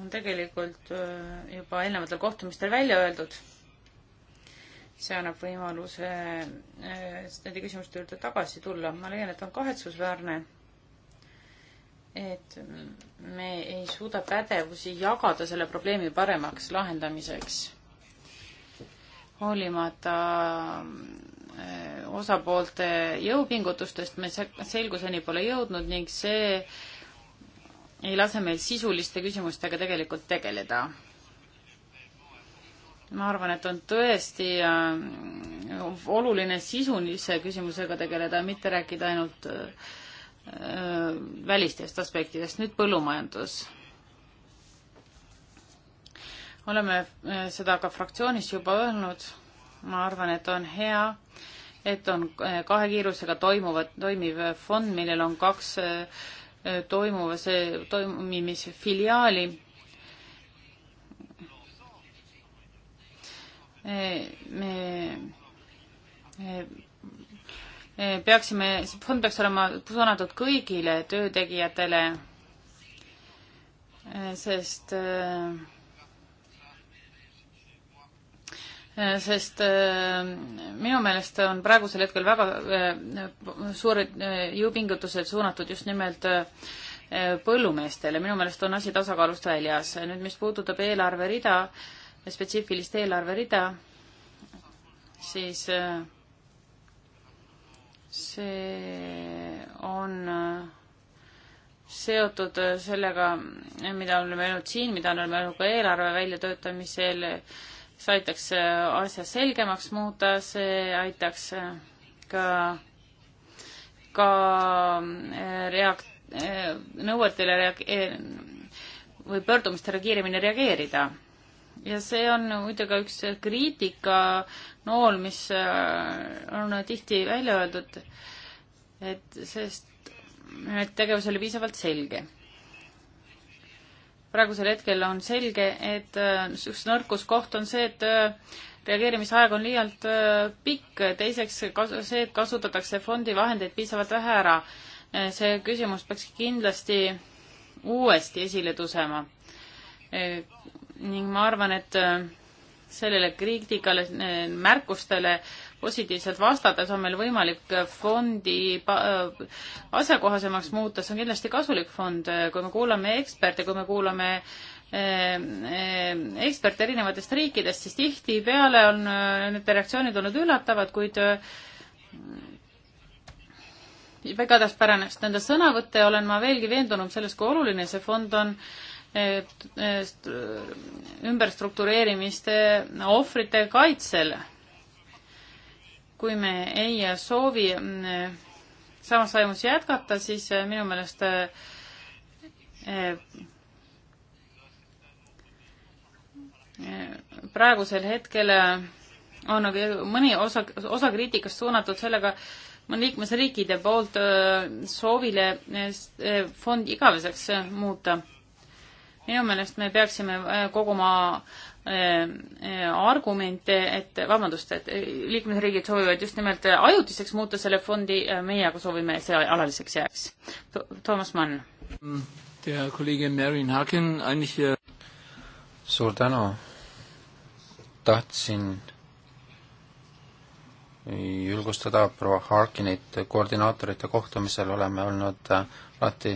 on tegelikult äh, juba eelnevatel kohtumistel välja öeldud. see annab võimaluse äh, nende küsimuste juurde tagasi tulla. ma leian, et on kahetsusväärne et me ei suuda pädevusi jagada selle probleemi paremaks lahendamiseks. hoolimata äh, osapoolte jõupingutustest me selguseni pole jõudnud ning see ei lase meil sisuliste küsimustega tegelikult tegeleda. ma arvan, et on tõesti äh, oluline sisulise küsimusega tegeleda, mitte rääkida ainult äh, Äh, välistest aspektidest. nüüd põllumajandus. oleme äh, seda ka fraktsioonis juba öelnud. ma arvan, et on hea, et on äh, kahe kiirusega toimuvad, toimiv fond, millel on kaks toimuva, see toimimise filiaali me, me peaksime, see fond peaks olema suunatud kõigile töötegijatele, eh, sest eh, eh, sest minu meelest on praegusel hetkel väga suured jõupingutused suunatud just nimelt põllumeestele, minu meelest on asi tasakaalust väljas. nüüd, mis puudutab eelarverida, spetsiifilist eelarverida, siis äh, see on äh, seotud äh, sellega, mida oleme öelnud siin, mida oleme öelnud ka eelarve väljatöötamisel, see aitaks äh, asja selgemaks muuta, see aitaks ka, ka reak-, nõuetele reak-, või pöördumistele kiiremini reageerida ja see on muide ka üks kriitikanool, mis äh, on tihti välja öeldud, et sest, et tegevus oli piisavalt selge. praegusel hetkel on selge, et äh, üks nõrkuskoht on see, et äh, reageerimisaeg on liialt pikk, teiseks kasu, see, et kasutatakse fondi vahendeid piisavalt vähe ära. see küsimus peaks kindlasti uuesti esile tõusema ning ma arvan, et äh, sellele kriitikale, äh, märkustele positiivselt vastates on meil võimalik fondi äh, asjakohasemaks muuta, see on kindlasti kasulik fond, kui me kuulame eksperte, kui me kuulame eksperte erinevatest riikidest, siis tihtipeale on need reaktsioonid olnud üllatavad, kuid väga tähtpäranest nende sõnavõtte ja olen ma veelgi veendunum selles, kui oluline see fond on äh, ümberstruktureerimiste ohvrite kaitsel. kui me ei soovi mm, äh, samas vaimus jätkata, siis äh, minu meelest praegusel hetkel on mõni osa, osa kriitikast suunatud sellega, liikmesriikide poolt soovile fond igaveseks muuta. minu meelest me peaksime koguma argumente, et vabandust, et liikmesriigid soovivad just nimelt ajutiseks muuta selle fondi, meie aga soovime, et see alaliseks jääks to. Toomas Mann. Mm, der Kollegin Marin Haken, eigentlich äh suur tänu. tahtsin julgustada proua Harkinit koordinaatorite kohtumisel oleme olnud äh, alati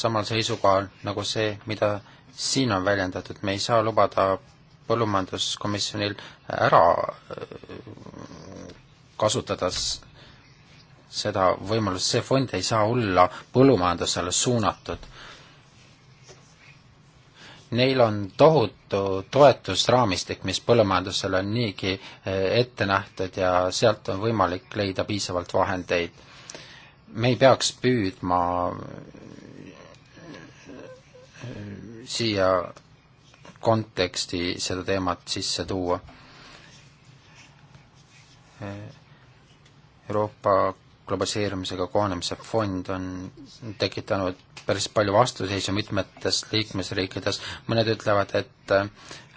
samal seisukohal nagu see, mida siin on väljendatud, me ei saa lubada põllumajanduskomisjonil ära äh, kasutada seda võimalust, see fond ei saa olla põllumajandusele suunatud Neil on tohutu toetusraamistik, mis põllumajandusele on niigi eh, ette nähtud ja sealt on võimalik leida piisavalt vahendeid. me ei peaks püüdma eh, siia konteksti seda teemat sisse tuua. Eh, Euroopa globaliseerumisega kohanemise fond on tekitanud päris palju vastuseisu mitmetes liikmesriikides, mõned ütlevad, et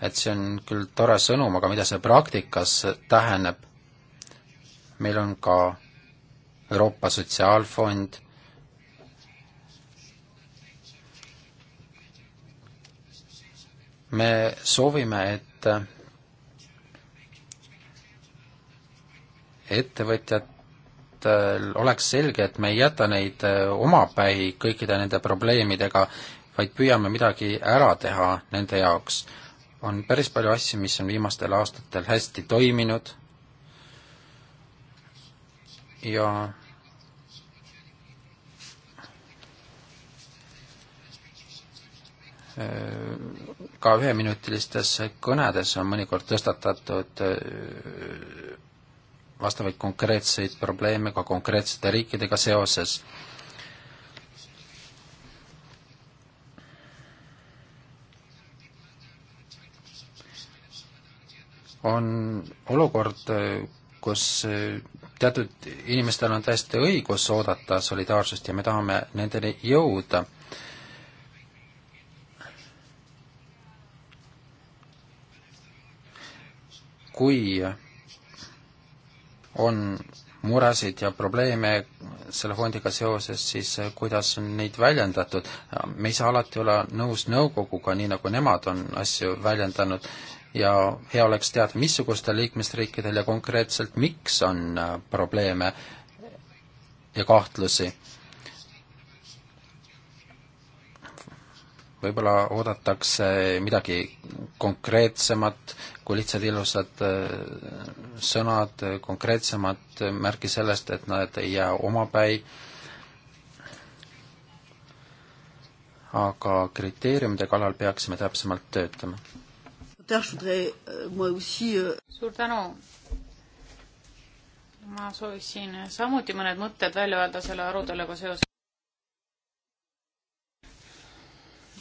et see on küll tore sõnum, aga mida see praktikas tähendab, meil on ka Euroopa Sotsiaalfond, me soovime, et ettevõtjad et äh, oleks selge, et me ei jäta neid äh, omapäi kõikide nende probleemidega, vaid püüame midagi ära teha nende jaoks. on päris palju asju, mis on viimastel aastatel hästi toiminud ja äh, ka üheminutilistes kõnedes on mõnikord tõstatatud vastavaid konkreetseid probleeme ka konkreetsete riikidega seoses. on olukord, kus teatud inimestel on täiesti õigus oodata solidaarsust ja me tahame nendeni jõuda kui on muresid ja probleeme selle fondiga seoses, siis eh, kuidas on neid väljendatud. me ei saa alati olla nõus nõukoguga, nii nagu nemad on asju väljendanud ja hea oleks teada, missugustel liikmesriikidel ja konkreetselt miks on eh, probleeme ja kahtlusi võib-olla oodatakse midagi konkreetsemat kui lihtsalt ilusad äh, sõnad, äh, konkreetsemat märki sellest, et nad ei jää omapäi. aga kriteeriumide kallal peaksime täpsemalt töötama. Euh, euh, suur tänu! ma sooviksin samuti mõned mõtted välja öelda selle aruteluga seoses.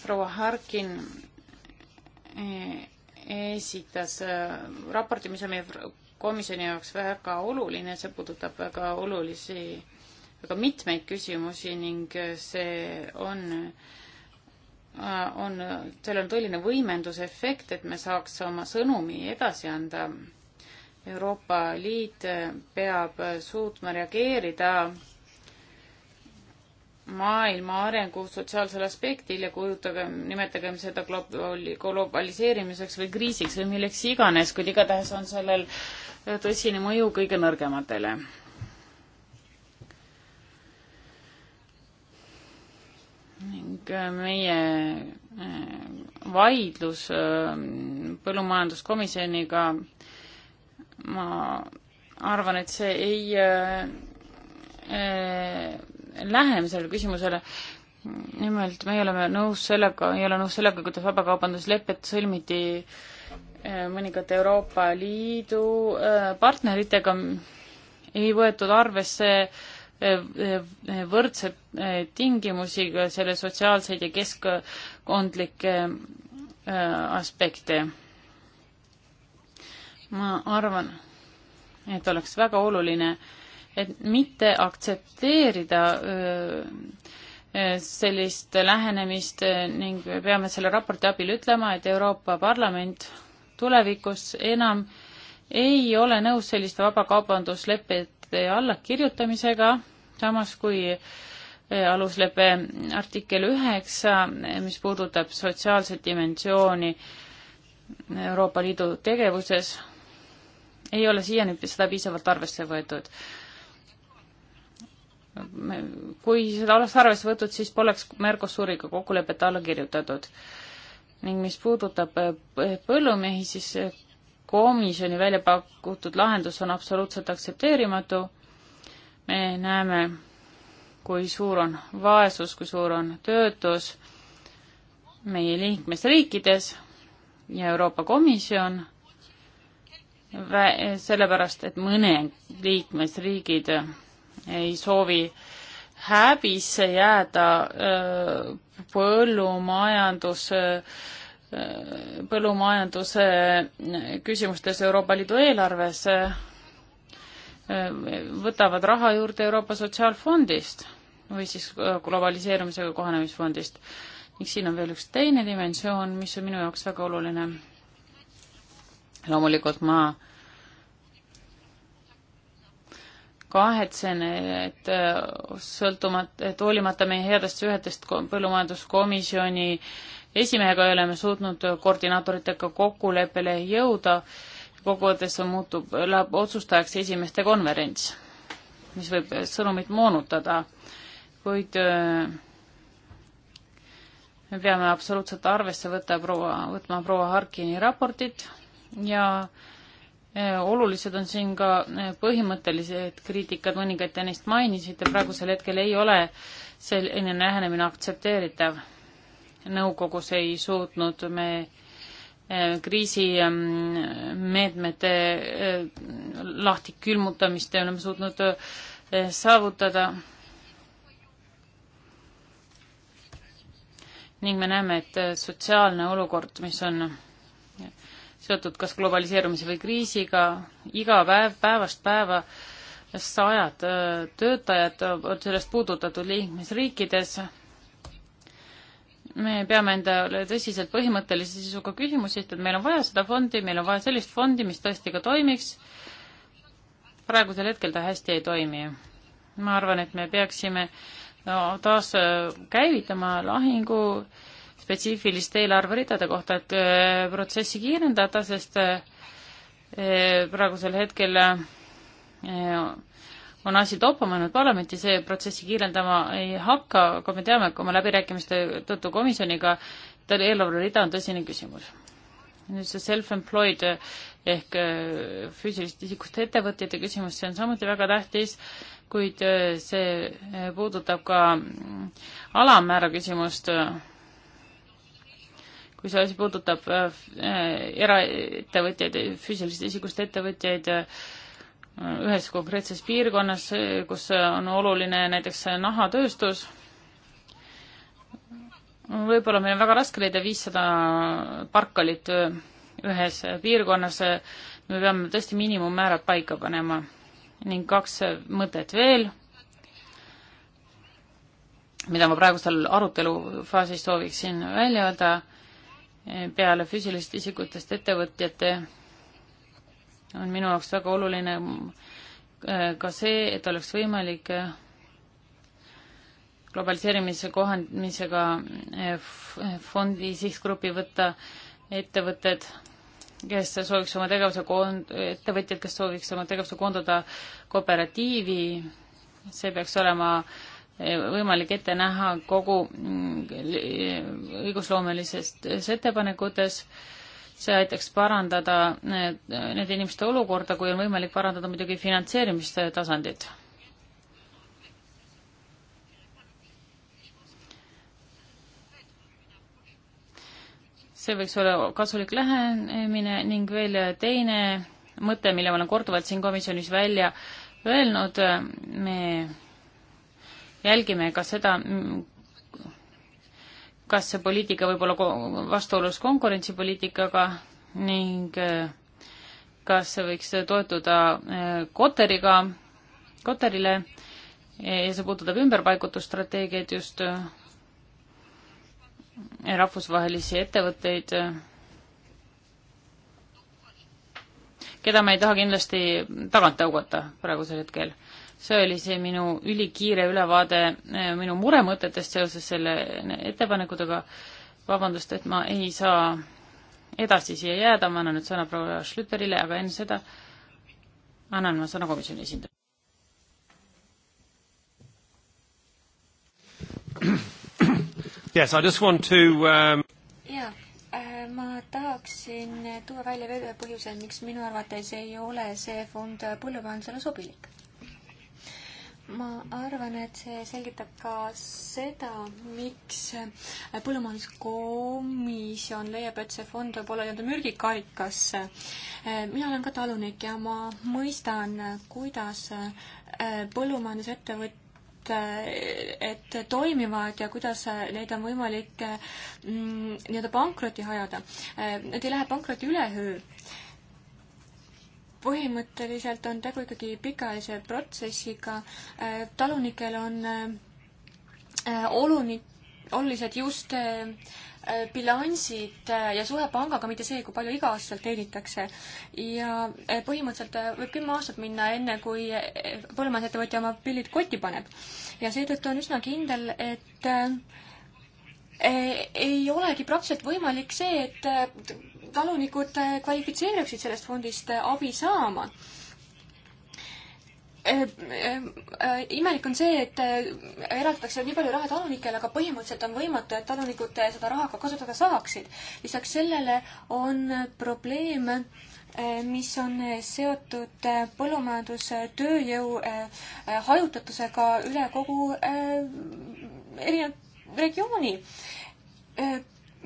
proua Harkin eh, esitas eh, raporti, mis on meie komisjoni jaoks väga oluline, see puudutab väga olulisi, väga mitmeid küsimusi ning eh, see on, on, seal on tõeline võimendusefekt, et me saaks oma sõnumi edasi anda. Euroopa Liit peab suutma reageerida maailma arengu sotsiaalsel aspektil ja kujutagem, nimetagem seda globaliseerimiseks või kriisiks või milleks iganes, kuid igatahes on sellel tõsine mõju kõige nõrgematele. ning äh, meie äh, vaidlus äh, põllumajanduskomisjoniga, ma arvan, et see ei läheneme sellele küsimusele. nimelt meie oleme nõus sellega, ei ole nõus sellega, kuidas vabakaubanduslepet sõlmiti äh, mõningate Euroopa Liidu äh, partneritega, ei võetud arvesse äh, võrdseid tingimusi, selle sotsiaalseid ja keskkondlikke aspekte. ma arvan, et oleks väga oluline äh, et mitte aktsepteerida sellist lähenemist ning peame selle raporti abil ütlema, et Euroopa Parlament tulevikus enam ei ole nõus selliste vabakaubanduslepete allakirjutamisega, samas kui aluslepe artikkel üheksa, mis puudutab sotsiaalset dimensiooni Euroopa Liidu tegevuses, ei ole siiani seda piisavalt arvesse võetud kui seda oleks arvesse võetud, siis poleks Mercosuriga kokkulepet alla kirjutatud. ning mis puudutab eh, põllumehi, siis komisjoni välja pakutud lahendus on absoluutselt aktsepteerimatu. me näeme, kui suur on vaesus, kui suur on töötus meie liikmesriikides ja Euroopa Komisjon sellepärast, et mõned liikmesriigid ei soovi häbisse jääda äh, põllumajandus, äh, põllumajanduse küsimustes Euroopa Liidu eelarves, äh, võtavad raha juurde Euroopa Sotsiaalfondist või siis globaliseerumisega kohanemisfondist. ning siin on veel üks teine dimensioon, mis on minu jaoks väga oluline. loomulikult ma äh, kahetsen, et äh, sõltumata, et hoolimata meie headest suhetest põllumajanduskomisjoni esimehega ei ole me suutnud koordinaatoritega kokkuleppele jõuda, kokkuvõttes muutub, läheb otsustajaks esimeeste konverents, mis võib sõnumit moonutada, kuid äh, me peame absoluutselt arvesse võtta proua, võtma proua Harkini raportit ja äh, Äh, olulised on siin ka äh, põhimõttelised kriitikad, mõningaid te neist mainisite, praegusel hetkel ei ole selline lähenemine aktsepteeritav. nõukogus ei suutnud me äh, kriisimeetmete ähm, lahti külmutamist ei ole me suutnud saavutada. ning me näeme, et sotsiaalne olukord, mis on seotud kas globaliseerumise või kriisiga, iga päev, päevast päeva sajad äh, töötajad on sellest puudutatud liikmesriikides. me peame endale tõsiselt põhimõttelise sisuga küsimusi esitama, meil on vaja seda fondi, meil on vaja sellist fondi, mis tõesti ka toimiks. praegusel hetkel ta hästi ei toimi. ma arvan, et me peaksime no, taas äh, käivitama lahingu äh, spetsiifiliste eelarveridade kohta, et äh, protsessi kiirendada, sest äh, äh, praegusel hetkel on asi toppama jäänud parlamenti, see protsessi kiirendama ei hakka, aga me teame, kui me läbirääkimiste tõttu komisjoniga, tal eelarverida on tõsine küsimus. nüüd see self-employed ehk füüsilisest isikust ettevõtjate küsimus, see on samuti väga tähtis, kuid see puudutab ka mm, alammäära küsimust kui see asi puudutab äh, eraettevõtjaid, füüsilisest isikust ettevõtjaid äh, ühes konkreetses piirkonnas, äh, kus on oluline näiteks nahatööstus, võib-olla meil on väga raske leida viissada parkalit ühes piirkonnas, me peame tõesti miinimummäärad paika panema. ning kaks mõtet veel, mida ma praegusel arutelu faasis sooviksin välja öelda peale füüsilistest isikutest ettevõtjate on minu jaoks väga oluline äh, ka see, et oleks võimalik äh, globaliseerimise kohandmisega äh, fondi sihtgrupi võtta ettevõtted, kes sooviks oma tegevuse koond-, ettevõtjad, kes sooviks oma tegevuse koondada kooperatiivi, see peaks olema äh, võimalik ette näha kogu mm, õigusloomelistes äh, ettepanekutes. see aitaks parandada need, äh, nende inimeste olukorda, kui on võimalik parandada muidugi finantseerimistasandit. see võiks olla kasulik lähenemine ning veel teine mõte, mille ma olen korduvalt siin komisjonis välja öelnud, me jälgime ka seda, kas see poliitika võib olla vastuolus konkurentsipoliitikaga ning eh, kas see võiks toetuda eh, Koteriga, Koterile ja see puudutab ümberpaigutusstrateegiaid just eh, rahvusvahelisi ettevõtteid, keda me ei taha kindlasti tagant tõugata praegusel hetkel see oli see minu ülikiire ülevaade eh, minu muremõtetest seoses selle ettepanekutega. vabandust, et ma ei saa edasi siia jääda, ma annan nüüd sõna proua Schlüterile, aga enne seda annan ma sõna komisjoni esindajale. Yes, I just want to um... Yeah äh, ma tahaksin tuua välja veel ühe põhjuse, miks minu arvates ei ole see fond põllumajandusele sobilik ma arvan, et see selgitab ka seda, miks põllumajanduskomisjon leiab, et see fond võib olla nii-öelda mürgikarikas. mina olen ka talunik ja ma mõistan, kuidas äh, põllumajandusettevõtted äh, et toimivad ja kuidas neid on võimalik äh, mm, nii-öelda pankrotti hajada. Nad ei lähe pankrotti üleöö põhimõtteliselt on tegu ikkagi pikaajalise protsessiga. Äh, talunikel on äh, oluni-, olulised just äh, bilansid ja suhe pangaga, mitte see, kui palju iga-aastaselt teenitakse. ja põhimõtteliselt võib kümme aastat minna, enne kui põllumajandusettevõtja oma pillid kotti paneb. ja seetõttu on üsna kindel, et ei olegi praktiliselt võimalik see, et talunikud eh, kvalifitseeruksid sellest fondist eh, abi saama eh, imelik on see, et eraldatakse nii palju raha talunikele, aga põhimõtteliselt on võimatu, et talunikud seda raha ka kasutada saaksid. lisaks sellele on probleem, mis on seotud põllumajandustööjõu hajutatusega üle kogu erinev regiooni.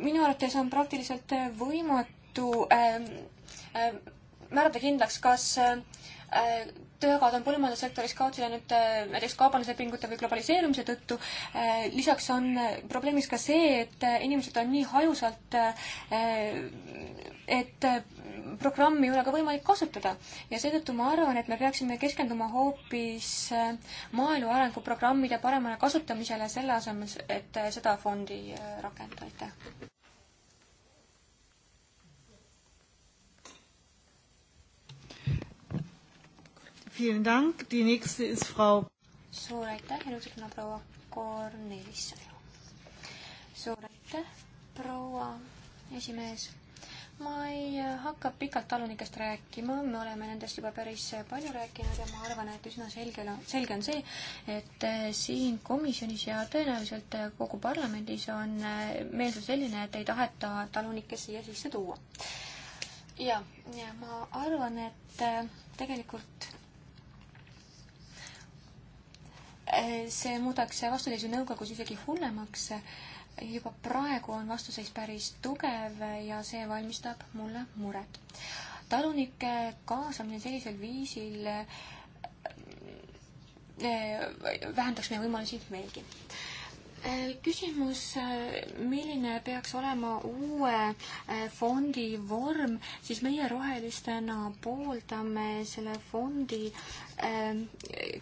minu arvates on praktiliselt võimatu kaudu ähm, ähm, määrata kindlaks, kas äh, töökohad on põllumajandussektoris kaotsi läinud äh, näiteks kaubanduslepingute või globaliseerumise tõttu. Äh, lisaks on probleemiks ka see, et inimesed on nii hajusalt, et programmi ei ole ka võimalik kasutada ja seetõttu ma arvan, et me peaksime keskenduma hoopis maaelu arenguprogrammide paremale kasutamisele, selle asemel, et seda fondi rakendada, aitäh. Vielen Dank. Die nächste ist Frau. suur aitäh ja nüüd proua Kornelisson. suur aitäh, proua esimees. ma ei äh, hakka pikalt talunikest rääkima, me oleme nendest juba päris äh, palju rääkinud ja ma arvan, et üsna selge, selge on see, et äh, siin komisjonis ja tõenäoliselt kogu parlamendis on meelsus selline, et ei taheta talunikke siia sisse tuua ja, ja ma arvan, et tegelikult see muudaks vastuseisu nõukogus isegi hullemaks. juba praegu on vastuseis päris tugev ja see valmistab mulle muret. talunike kaasamine sellisel viisil eh, vähendaks meie võimalusi veelgi. Äh, küsimus, äh, milline peaks olema uue äh, fondi vorm, siis meie rohelistena pooldame selle fondi ähm,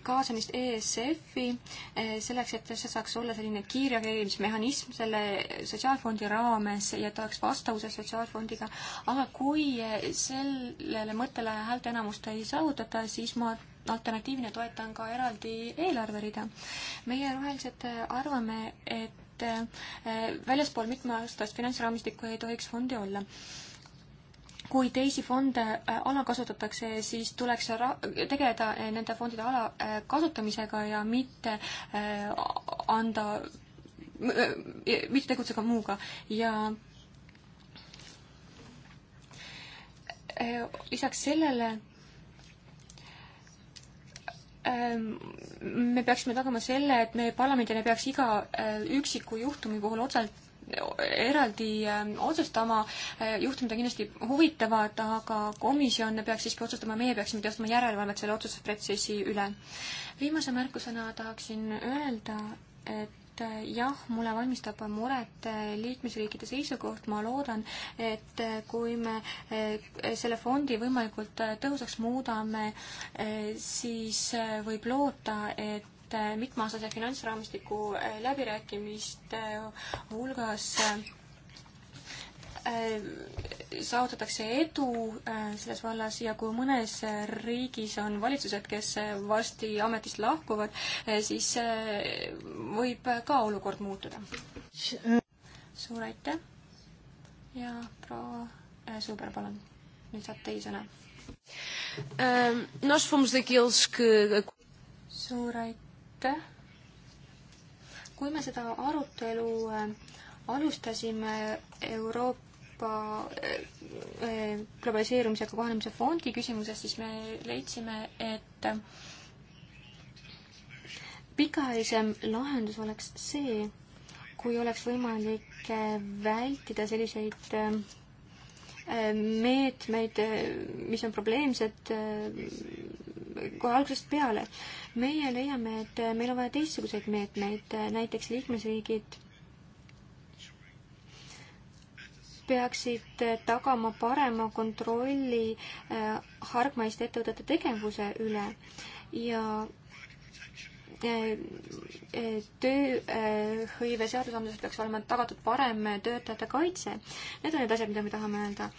kaasamist ESF-i, selleks, et see saaks olla selline kiirreageerimismehhanism selle sotsiaalfondi raames ja ta oleks vastavuses sotsiaalfondiga, aga kui sellele mõttele häälteenamust ei saavutata, siis ma alternatiivina toetan ka eraldi eelarverida. meie rohelised äh, arvame, et äh, väljaspool mitmeaastast finantsraamistikku ei tohiks fondi olla kui teisi fonde äh, alakasutatakse, siis tuleks tegeleda nende fondide alakasutamisega ja mitte anda, mitte tegutseda muuga ja lisaks sellele Ähm, me peaksime tagama selle, et me parlamendina peaks iga äh, üksiku juhtumi puhul otseselt eraldi ähm, otsustama, äh, juhtumid on kindlasti huvitavad, aga komisjon peaks siiski otsustama, meie peaksime teostama järelevalvet selle otsustusprotsessi üle. viimase märkusena tahaksin öelda, et et eh, jah, mulle valmistab muret eh, liikmesriikide seisukoht, ma loodan, et eh, kui me selle fondi võimalikult tõhusaks muudame, siis võib loota, et mitmeaastase finantsraamistiku läbirääkimiste hulgas Äh, saavutatakse edu äh, selles vallas ja kui mõnes riigis on valitsused, kes äh, varsti ametist lahkuvad, siis võib ka olukord muutuda. suur aitäh ja proua Suuber, palun, nüüd saab teie sõna um,. Nós fomos daqueles que suur aitäh! kui me seda arutelu alustasime Euroopa Euroopa eh, eh, globaliseerumisega kohanemise fondi küsimuses, siis me leidsime, et pikaajalisem lahendus oleks see, kui oleks võimalik eh, vältida selliseid meetmeid, mis on probleemsed kohe algusest peale. meie leiame, et meil on vaja teistsuguseid meetmeid, näiteks liikmesriigid peaksid eh, tagama parema kontrolli eh, hargmaiste ettevõtete tegevuse üle ja eh, tööhõive seadusandluses peaks olema tagatud parem töötajate kaitse. Need on need asjad, mida me tahame öelda.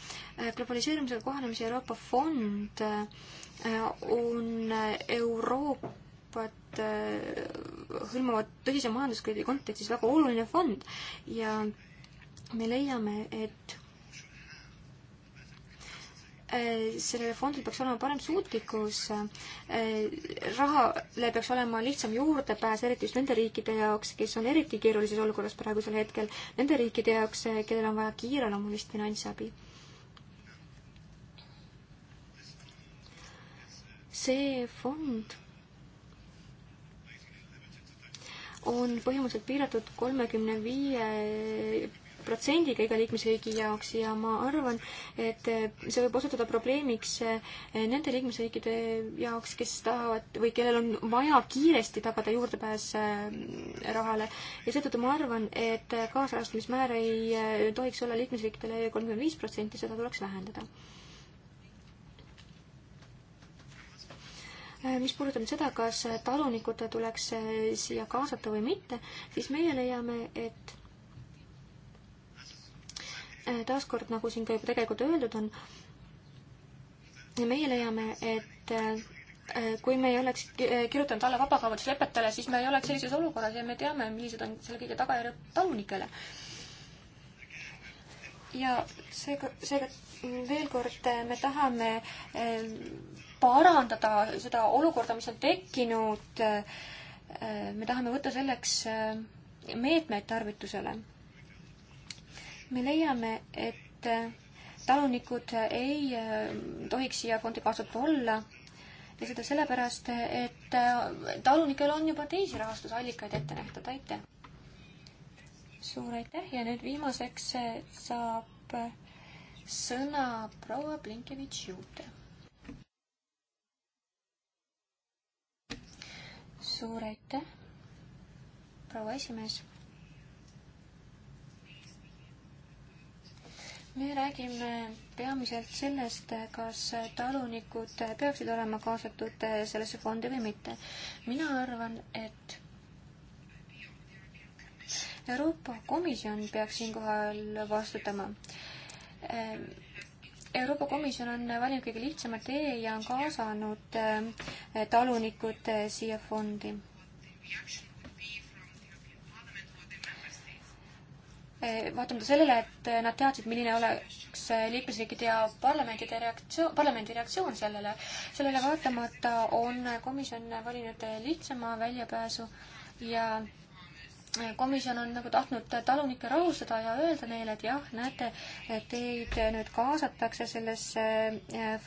globaliseerumisega kohanemise Euroopa fond on Euroopat hõlmava tõsise majanduskriisi kontekstis väga oluline fond ja me leiame, et äh, sellele fondil peaks olema parem suutlikkus, äh, rahale peaks olema lihtsam juurdepääs, eriti just nende riikide jaoks, kes on eriti keerulises olukorras praegusel hetkel, nende riikide jaoks, äh, kellel on vaja kiireloomulist finantsabi. see fond on põhimõtteliselt piiratud kolmekümne viie protsendiga iga liikmesriigi jaoks ja ma arvan, et see võib osutuda probleemiks eh, nende liikmesriikide jaoks, kes tahavad või kellel on vaja kiiresti tagada juurdepääs eh, rahale. ja seetõttu ma arvan, et kaasrahastamismäär ei eh, tohiks olla liikmesriikidele kolmkümmend viis protsenti, seda tuleks vähendada mis puudutab nüüd seda, kas talunikud tuleks siia kaasata või mitte, siis meie leiame, et Äh, taaskord, nagu siin ka juba tegelikult öeldud on, meie leiame, et äh, kui me ei oleks äh, kirjutanud alla vabakaubanduslepetele, siis me ei oleks sellises olukorras ja me teame, millised on selle kõige tagajärjed talunikele. ja seega, seega veel kord me tahame parandada seda olukorda, mis on tekkinud. me tahame võtta selleks meetmeid tarvitusele me leiame, et talunikud ei äh, tohiks siia fondi kaasatud olla ja seda sellepärast, et äh, talunikel on juba teisi rahastusallikaid ette nähtud, aitäh! suur aitäh ja nüüd viimaseks äh, saab sõna proua Blinkevitš juurde. suur aitäh, proua esimees me räägime peamiselt sellest, kas talunikud peaksid olema kaasatud sellesse fondi või mitte. mina arvan, et Euroopa Komisjon peaks siinkohal vastutama. Euroopa Komisjon on valinud kõige lihtsama tee ja on kaasanud talunikud siia fondi Eh, vaatamata sellele, et eh, nad teadsid, milline oleks eh, liikmesriikide ja parlamentide reaktsioon, parlamendi reaktsioon sellele. sellele vaatamata on komisjon valinud lihtsama väljapääsu ja komisjon on nagu tahtnud talunikke rahustada ja öelda neile, et jah, näete, teid nüüd kaasatakse sellesse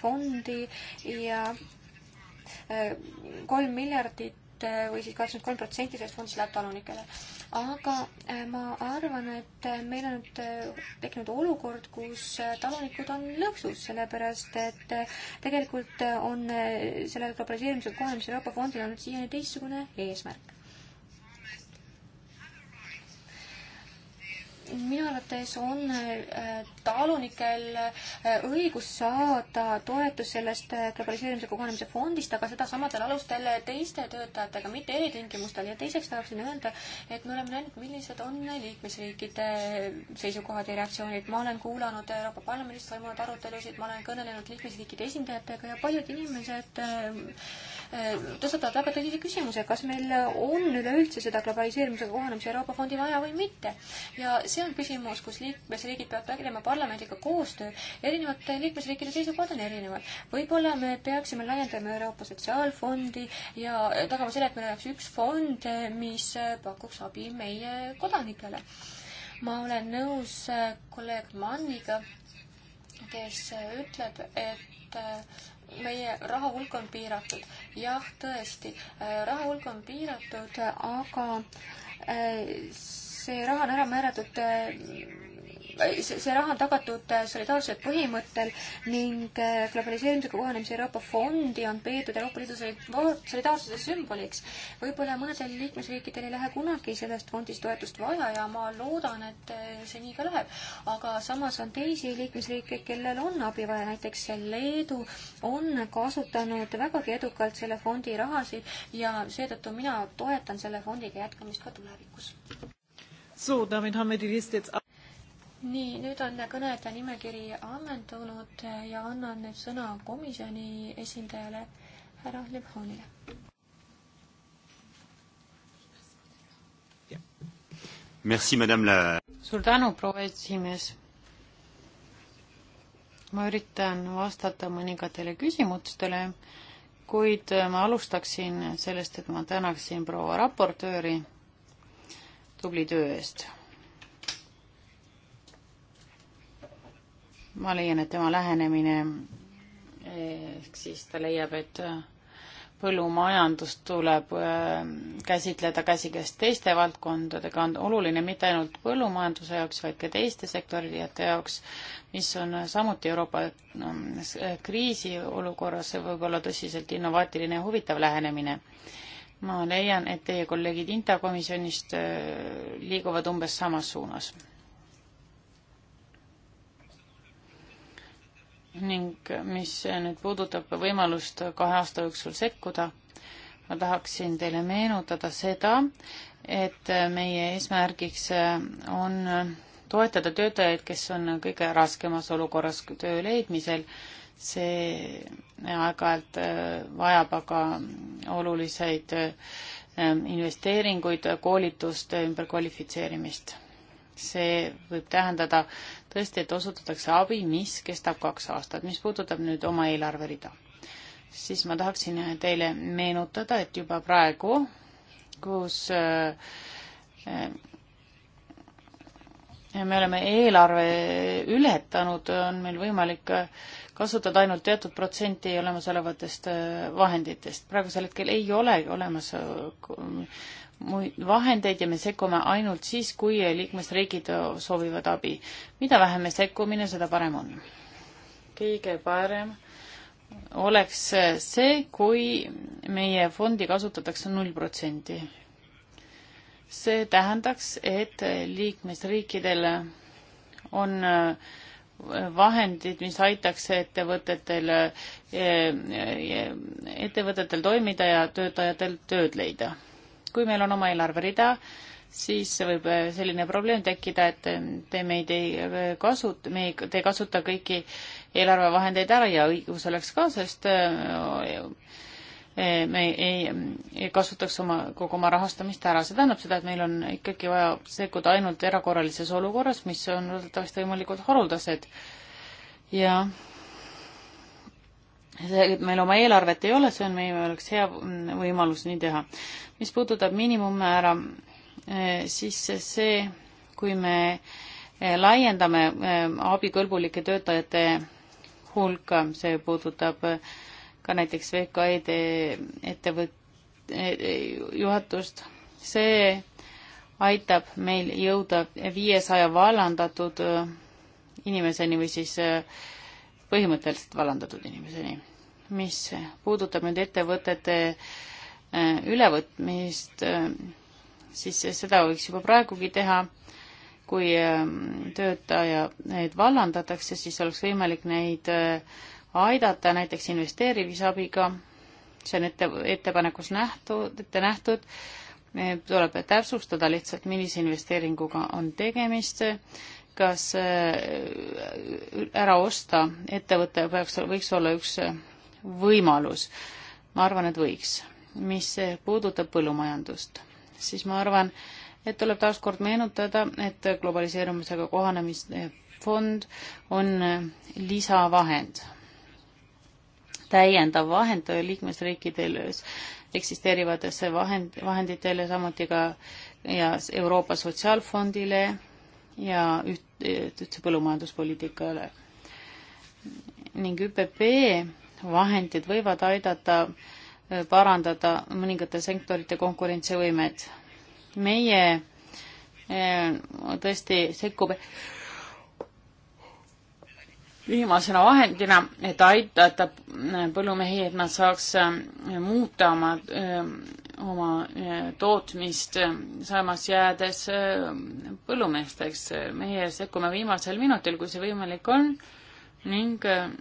fondi ja kolm miljardit eurot äh, või siis kaheksakümmend kolm protsenti sellest fondist läheb talunikele. aga äh, ma arvan, et äh, meil on nüüd tekkinud olukord, kus talunikud on lõksus, sellepärast et tegelikult on sellel globaliseerimisel kohanemise Euroopa fondil olnud siiani teistsugune eesmärk minu arvates on äh, talunikel äh, õigus saada toetust sellest äh, globaliseerimise kogunemise fondist, aga seda samadel alustel teiste töötajatega, mitte eritingimustel. ja teiseks tahaksin öelda, et me oleme näinud, millised on liikmesriikide seisukohad ja reaktsioonid. ma olen kuulanud Euroopa Parlamendis toimunud arutelusid, ma olen kõnelenud liikmesriikide esindajatega ja paljud inimesed tõstatavad väga tõsise küsimuse, kas meil on üleüldse seda globaliseerimisega kohanemise Euroopa fondi vaja või mitte. ja see see on küsimus, kus liikmesriigid peavad tegema parlamendiga koostöö. erinevate liikmesriikide seisukohad on erinevad. võib-olla me peaksime laiendama Euroopa Sotsiaalfondi ja tagama selle, et meil oleks üks fond, mis pakuks abi meie kodanikele. ma olen nõus äh, kolleeg Manniga, kes äh, ütleb, et äh, meie raha hulk on piiratud. jah, tõesti, raha hulk on piiratud, aga see raha on ära määratud äh, see raha on tagatud äh, solidaarsuse põhimõttel ning äh, globaliseerimisega kohanemise Euroopa fondi on peetud Euroopa Liidu solidaarsuse sümboliks. võib-olla mõnedel liikmesriikidel ei lähe kunagi sellest fondist toetust vaja ja ma loodan, et see nii ka läheb. aga samas on teisi liikmesriike, kellel on abi vaja, näiteks Leedu on kasutanud vägagi edukalt selle fondi rahasid ja seetõttu mina toetan selle fondiga jätkamist ka tulevikus. So, damit haben wir die Liste jetzt ab. nii, nüüd on kõnede nimekiri ammendunud ja annan nüüd sõna komisjoni esindajale, härra Lebronile. Merci, madame la... suur tänu, proua esimees. ma üritan vastata mõningatele küsimustele, kuid ma alustaksin sellest, et ma tänaksin proua raportööri tubli töö eest. ma leian, et tema lähenemine ehk siis ta leiab, et põllumajandust tuleb äh, käsitleda käsikäes teiste valdkondadega, on oluline mitte ainult põllumajanduse jaoks, vaid ka teiste sektorite jaoks, mis on samuti Euroopa no, ähm, kriisiolukorras võib-olla tõsiselt innovaatiline ja huvitav lähenemine ma leian, et teie kolleegid Inta komisjonist äh, liiguvad umbes samas suunas. ning äh, mis äh, nüüd puudutab võimalust kahe aasta jooksul sekkuda, ma tahaksin teile meenutada seda, et meie eesmärgiks on toetada töötajaid, kes on kõige raskemas olukorras töö leidmisel see aeg-ajalt äh, vajab aga oluliseid ähm, investeeringuid, koolitust, äh, ümberkvalifitseerimist. see võib tähendada tõesti, et osutatakse abi, mis kestab kaks aastat. mis puudutab nüüd oma eelarverida, siis ma tahaksin teile meenutada, et juba praegu, kus äh, me oleme eelarve ületanud, on meil võimalik kasutada ainult teatud protsenti olemasolevatest äh, vahenditest. praegusel hetkel ei ole olemas äh, muid vahendeid ja me sekkume ainult siis, kui liikmesriigid äh, soovivad abi. mida vähem me sekkumine, seda parem on. kõige parem oleks see, kui meie fondi kasutatakse null protsenti see tähendaks, et liikmesriikidel on äh, vahendid, mis aitaks ettevõtetel, äh, ettevõtetel toimida ja töötajatel tööd leida. kui meil on oma eelarverida, siis võib äh, selline probleem tekkida, et te meid ei kasut-, me ei, te ei kasuta kõiki eelarvevahendeid ära ja õigus oleks ka, sest Eh, me ei kasutaks oma, kogu oma rahastamist ära. see tähendab seda, et meil on ikkagi vaja sekkuda ainult erakorralises olukorras, mis on loodetavasti võimalikult haruldased. ja see, et meil oma eelarvet ei ole, see on meie jaoks hea võimalus nii teha. mis puudutab miinimummäära, eh, siis see, kui me eh, laiendame abikõlbulike töötajate hulka, see puudutab ka näiteks VKE-d ettevõt-, e-, e-, juhatust. see aitab meil jõuda viiesaja vallandatud e, inimeseni või siis põhimõtteliselt vallandatud inimeseni. mis puudutab nüüd ettevõtete ülevõtmist, siis seda võiks juba praegugi teha kui töötaja need vallandatakse, siis oleks võimalik neid aidata näiteks investeerimisabiga, see on ette, ettepanekus nähtud, ette nähtud, tuleb täpsustada lihtsalt, millise investeeringuga on tegemist, kas äh, ära osta ettevõte peaks, võiks olla üks äh, võimalus. ma arvan, et võiks. mis äh, puudutab põllumajandust, siis ma arvan, et tuleb taaskord meenutada, et globaliseerumisega kohanemisfond on lisavahend täiendav vahend liikmesriikidel eksisteerivatesse vahend, vahenditele, samuti ka ja Euroopa Sotsiaalfondile ja üht, ühtse põllumajanduspoliitikale. ning ÜPP vahendid võivad aidata äh, parandada mõningate sektorite konkurentsivõimet. meie äh, tõesti sekkume viimasena vahendina, et aidata põllumehi, et nad saaks ähm, muuta oma, ähm, oma äh, tootmist, ähm, samas jäädes põllumeesteks. meie sekkume viimasel minutil, kui see võimalik on ning äh,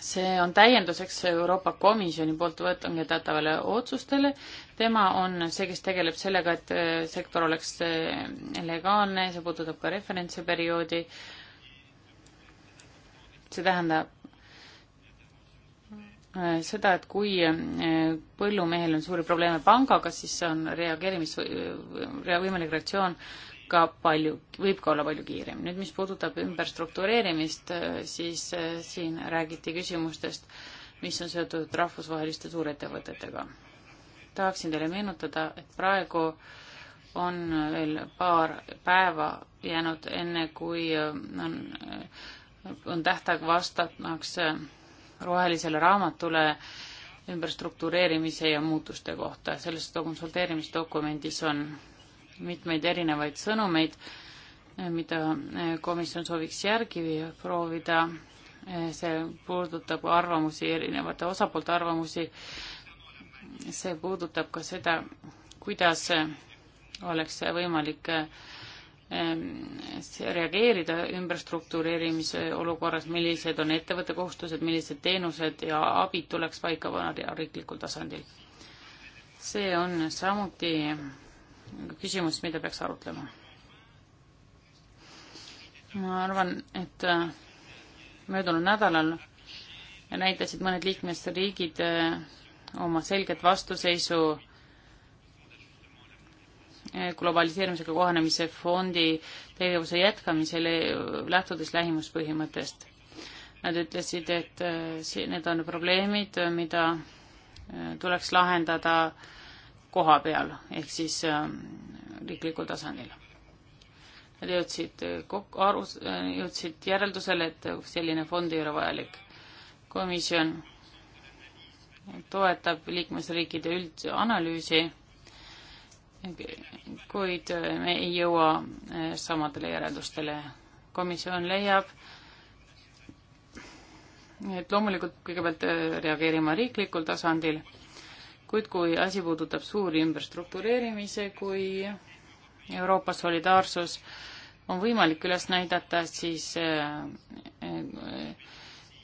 see on täienduseks Euroopa Komisjoni poolt võetangedatavale otsustele. tema on see, kes tegeleb sellega, et äh, sektor oleks legaalne, see puudutab ka referentseperioodi äh, see tähendab äh, seda, et kui äh, põllumehel on suuri probleeme pangaga, siis on reageerimis, võimalik reaktsioon ka palju, võib ka olla palju kiirem. nüüd, mis puudutab ümberstruktureerimist, äh, siis siin räägiti küsimustest, mis on seotud rahvusvaheliste suurettevõtetega. tahaksin teile meenutada, et praegu on veel paar päeva jäänud, enne kui on on tähtaeg vastataks äh, rohelisele raamatule ümberstruktureerimise ja muutuste kohta. selles konsulteerimisdokumendis on mitmeid erinevaid sõnumeid, äh, mida äh, komisjon sooviks järgi proovida. see puudutab arvamusi, erinevate osapoolte arvamusi. see puudutab ka seda, kuidas oleks võimalik Ähm, reageerida ümberstruktureerimise olukorras, millised on ettevõtte kohustused, millised teenused ja abid tuleks paika panna riiklikul tasandil. see on samuti küsimus, mida peaks arutlema. ma arvan, et äh, möödunud nädalal näitasid mõned liikmesriigid äh, oma selget vastuseisu Eh, globaliseerimisega kohanemise fondi tegevuse jätkamisele, lähtudes lähimuspõhimõttest. Nad ütlesid, et eh, need on probleemid, mida eh, tuleks lahendada koha peal ehk siis riiklikul tasandil. Nad jõudsid kokku, aru, jõudsid järeldusele, et selline fond ei ole vajalik. komisjon toetab liikmesriikide üldanalüüsi kuid me ei jõua eh, samadele järeldustele. komisjon leiab, et loomulikult kõigepealt eh, reageerima riiklikul tasandil, kuid kui asi puudutab suuri ümberstruktureerimise, kui Euroopa solidaarsus on võimalik üles näidata, siis eh,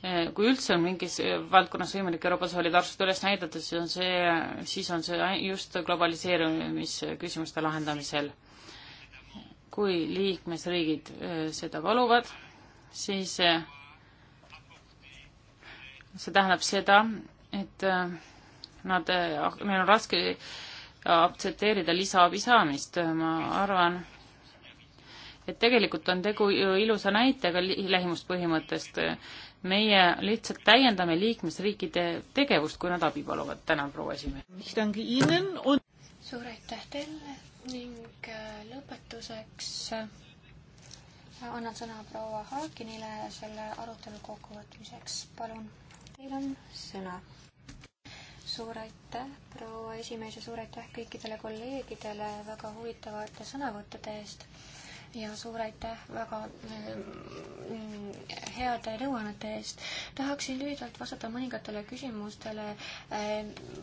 Eh, kui üldse on mingis eh, valdkonnas võimalik Euroopa solidaarsust üles näidata, siis on see, siis on see just globaliseerumisküsimuste lahendamisel. kui liikmesriigid eh, seda paluvad, siis see tähendab seda, et nad, neil on raske aktsepteerida lisaabi saamist, ma arvan, et tegelikult on tegu ju ilusa näitega lähimuspõhimõttest, meie lihtsalt täiendame liikmesriikide tegevust, kui nad abi paluvad. tänan, proua esimees. suur aitäh teile ning äh, lõpetuseks äh, annan sõna proua Haakinile selle arutelu kokkuvõtmiseks. palun, teil on sõna suur aitäh, proua esimees ja suur aitäh kõikidele kolleegidele väga huvitavate sõnavõttude eest ja suur aitäh väga mm, heade nõuannete eest. tahaksin lühidalt vastata mõningatele küsimustele. Äh,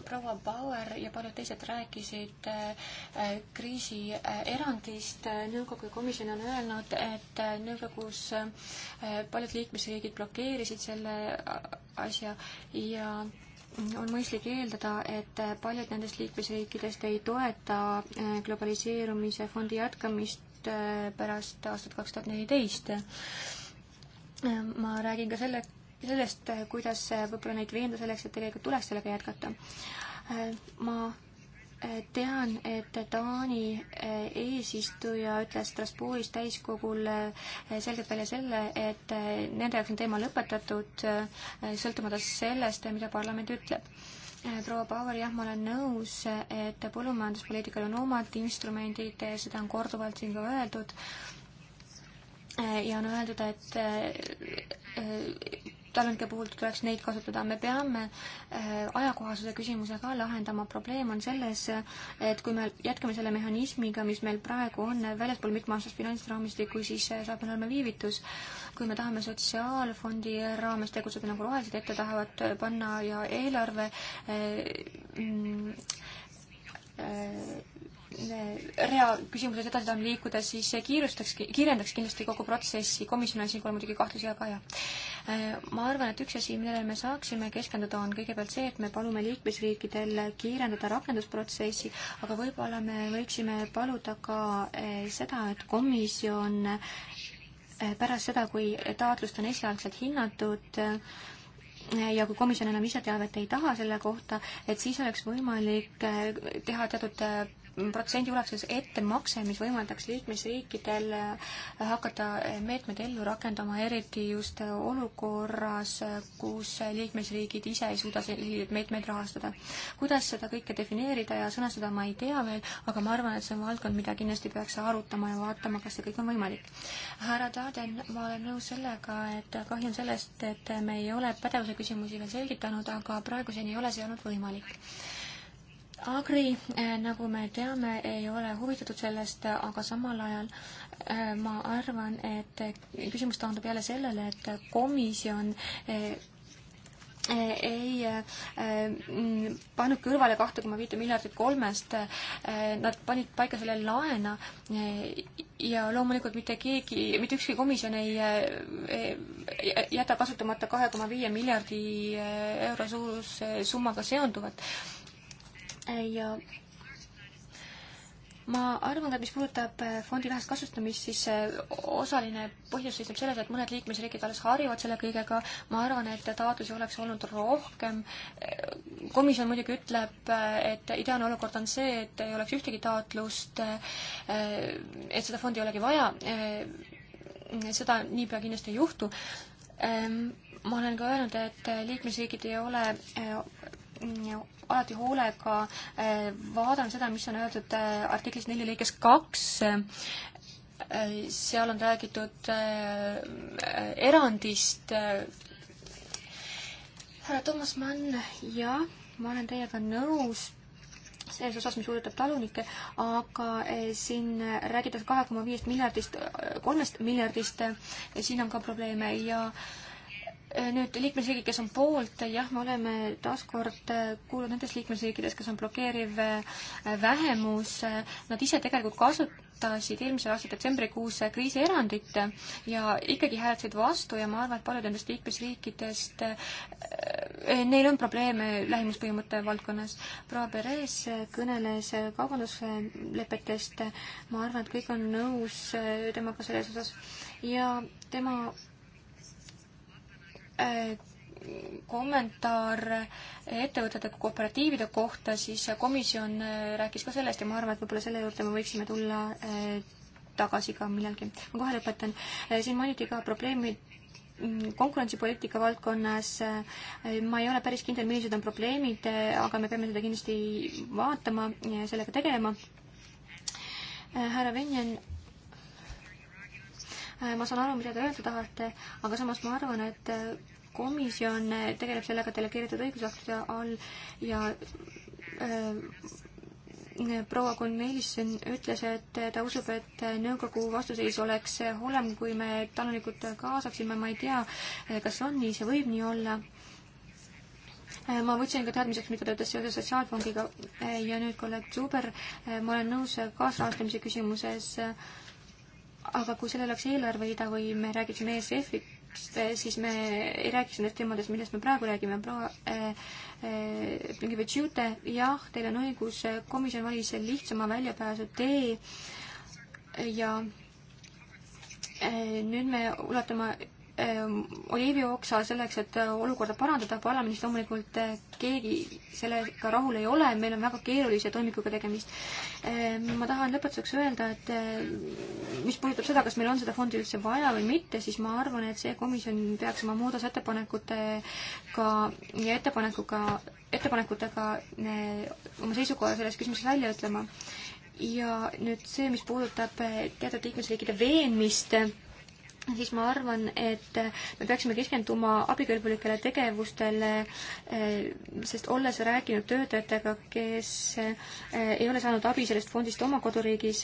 proua Bauer ja paljud teised rääkisid äh, kriisierandist. Äh, nõukogu komisjon on öelnud, et nõukogus paljud liikmesriigid blokeerisid selle asja ja on mõistlik eeldada, et paljud nendest liikmesriikidest ei toeta globaliseerumise fondi jätkamist nüüd äh, pärast aastat kaks tuhat neliteist. ma räägin ka selle, sellest, äh, kuidas äh, võib-olla neid veenda selleks, et tegelikult tuleks sellega jätkata. ma tean, et Taani eesistuja ütles Strasbourgis täiskogul selgelt välja selle, et nende jaoks on teema lõpetatud, sõltumata sellest, mida parlament ütleb Eh, proua Bauer, jah, ma olen nõus, et põllumajanduspoliitikal on omad instrumendid, seda on korduvalt siin ka öeldud, eh, ja on öeldud, et eh, talude puhul tuleks neid kasutada, me peame äh, ajakohasuse küsimuse ka lahendama, probleem on selles, et kui me jätkame selle mehhanismiga, mis meil praegu on väljaspool mitmeaastast finantsraamistikku, siis äh, saab meil olema viivitus. kui me tahame sotsiaalfondi raames tegutseda, nagu rohelised ette tahavad panna ja eelarve äh, mm, äh, rea küsimuses edasi tahame liikuda, siis see kiirustaks, kiirendaks kindlasti kogu protsessi, komisjonil on siinkohal muidugi kahtlusi, aga jah. Äh, ma arvan, et üks asi, millele me saaksime keskenduda, on kõigepealt see, et me palume liikmesriikidel kiirendada rakendusprotsessi, aga võib-olla me võiksime paluda ka äh, seda, et komisjon äh, pärast seda, kui taotlust on esialgselt hinnatud, ja kui komisjon enam ise teavet ei taha selle kohta, et siis oleks võimalik teha teatud protsendi ulatuses ettemakse, mis võimaldaks liikmesriikidel äh, hakata äh, meetmed ellu rakendama, eriti just äh, olukorras, kus liikmesriigid ise ei suuda selliseid meetmeid rahastada. kuidas seda kõike defineerida ja sõnastada, ma ei tea veel, aga ma arvan, et see on valdkond, mida kindlasti peaks arutama ja vaatama, kas see kõik on võimalik. härra Taden, ma olen nõus sellega, et kahju on sellest, et me ei ole pädevuse küsimusi veel selgitanud, aga praeguseni ei ole see olnud võimalik Agri, eh, nagu me teame, ei ole huvitatud sellest, aga samal ajal eh, ma arvan, et eh, küsimus taandub jälle sellele, et komisjon ei mm, pannud kõrvale kahte koma viite miljardit kolmest, nad panid paika selle laena ja loomulikult mitte keegi, mitte ükski komisjon ei jäta kasutamata kahe koma viie miljardi euro suuruse summaga seonduvat ja ma arvan, et mis puudutab äh, fondi rahast kasutamist, siis äh, osaline põhjus seisneb selles, et mõned liikmesriigid alles harjuvad selle kõigega. ma arvan, et taotlusi oleks olnud rohkem. Äh, komisjon muidugi ütleb, et ideaalne olukord on see, et ei oleks ühtegi taotlust, et seda fondi ei olegi vaja. seda niipea kindlasti ei juhtu. ma olen ka öelnud, et liikmesriigid ei ole alati hoolega eh, vaatan seda, mis on öeldud eh, artiklis neli lõikes kaks, eh, seal on räägitud erandist. härra Toomas Mann, jah, ma olen teiega nõus selles osas, mis puudutab talunikke, aga siin räägitakse kahe koma viiest miljardist, kolmest miljardist, siin on ka probleeme ja äh, Äh, nüüd liikmesriigid, kes on poolt, jah, me oleme taaskord äh, kuulnud nendes liikmesriikides, kes on blokeeriv äh, vähemus, nad ise tegelikult kasutasid eelmise aasta detsembrikuus kriisierandit ja ikkagi hääletasid vastu ja ma arvan, et paljud nendest liikmesriikidest, neil on probleeme lähimuspõhimõtte valdkonnas. proua Perez kõneles kaubanduslepetest, ma arvan, et kõik on nõus temaga selles osas ja tema Äh, kommentaar ettevõtete kooperatiivide kohta, siis komisjon äh, rääkis ka sellest ja ma arvan, et võib-olla selle juurde me võiksime tulla äh, tagasi ka millalgi. ma kohe lõpetan. siin mainiti ka probleemi mm, konkurentsipoliitika valdkonnas ma ei ole päris kindel, millised on probleemid, aga me peame seda kindlasti vaatama ja sellega tegelema. härra Venjan Äh, ma saan aru, mida te öelda tahate, aga samas ma arvan, et äh, komisjon äh, tegeleb sellega delegeeritud õigusaktide all ja äh, proua Cornelissen ütles, et ta usub, et nõukogu vastuseis oleks hullem, kui me talunikud kaasaksime, ma ei tea, kas on nii, see võib nii olla ma võtsin ka teadmiseks, mida ta ütles seoses Sotsiaalfondiga ja nüüd kolleeg Zuber, ma olen nõus kaasrahastamise küsimuses äh, aga kui sellel oleks eelarverida või me räägiksime ESF-ist, eh, siis me ei räägiks nendest teemadest, millest me praegu räägime. proua Plinkevitš-Jute, eh, eh, jah, teil on õigus, komisjon valis lihtsama väljapääsu tee ja nüüd me ulatame Ehm, oliivioksa selleks, et äh, olukorda parandada, parlamendis loomulikult äh, keegi sellega rahul ei ole, meil on väga keerulise toimikuga tegemist. Ehm, ma tahan lõpetuseks öelda, et äh, mis puudutab seda, kas meil on seda fondi üldse vaja või mitte, siis ma arvan, et see komisjon peaks oma muudatusettepanekutega ja ettepanekuga, ettepanekutega oma seisukoha selles küsimuses välja ütlema. ja nüüd see, mis puudutab teatud liikmesriikide veenmist siis ma arvan, et me peaksime keskenduma abikõlbulikele tegevustele, eh, sest olles rääkinud töötajatega, kes eh, ei ole saanud abi sellest fondist oma koduriigis,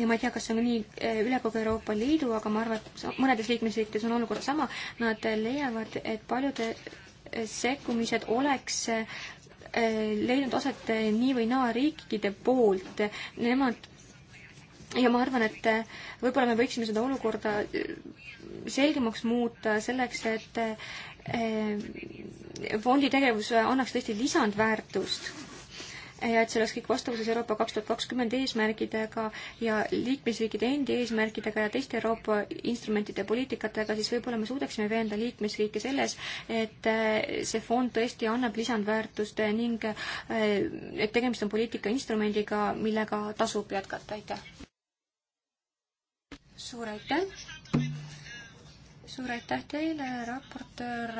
ja ma ei tea, kas see on nii eh, üle kogu Euroopa Liidu, aga ma arvan, et mõnedes liikmesriikides on olukord sama, nad leiavad, et paljude sekkumised oleks leidnud aset nii või naa riikide poolt, nemad ja ma arvan, et äh, võib-olla me võiksime seda olukorda äh, selgemaks muuta selleks, et äh, fondi tegevus annaks tõesti lisandväärtust ja et see oleks kõik vastavuses Euroopa kaks tuhat kakskümmend eesmärgidega ja liikmesriikide endi eesmärkidega ja teiste Euroopa instrumentide ja poliitikatega, siis võib-olla me suudaksime veenda liikmesriike selles, et see fond tõesti annab lisandväärtust ning et tegemist on poliitikainstrumendiga, millega tasub jätkata, aitäh! suur aitäh. suur aitäh teile, raportöör.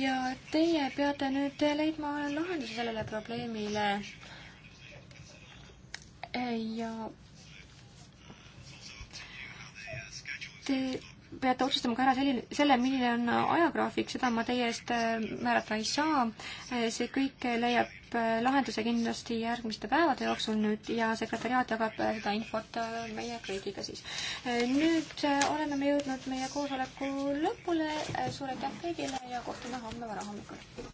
ja teie peate nüüd leidma lahenduse sellele probleemile. ja te peate otsustama ka ära selline, selle, milline on ajagraafik, seda ma teie eest äh, määrata ei saa. see kõik leiab Äh, lahenduse kindlasti järgmiste päevade jooksul nüüd ja sekretäriaat jagab äh, seda infot äh, meie kõigiga siis. nüüd oleme me jõudnud meie koosoleku lõpule, suur aitäh kõigile ja kohtume homme varahommikul.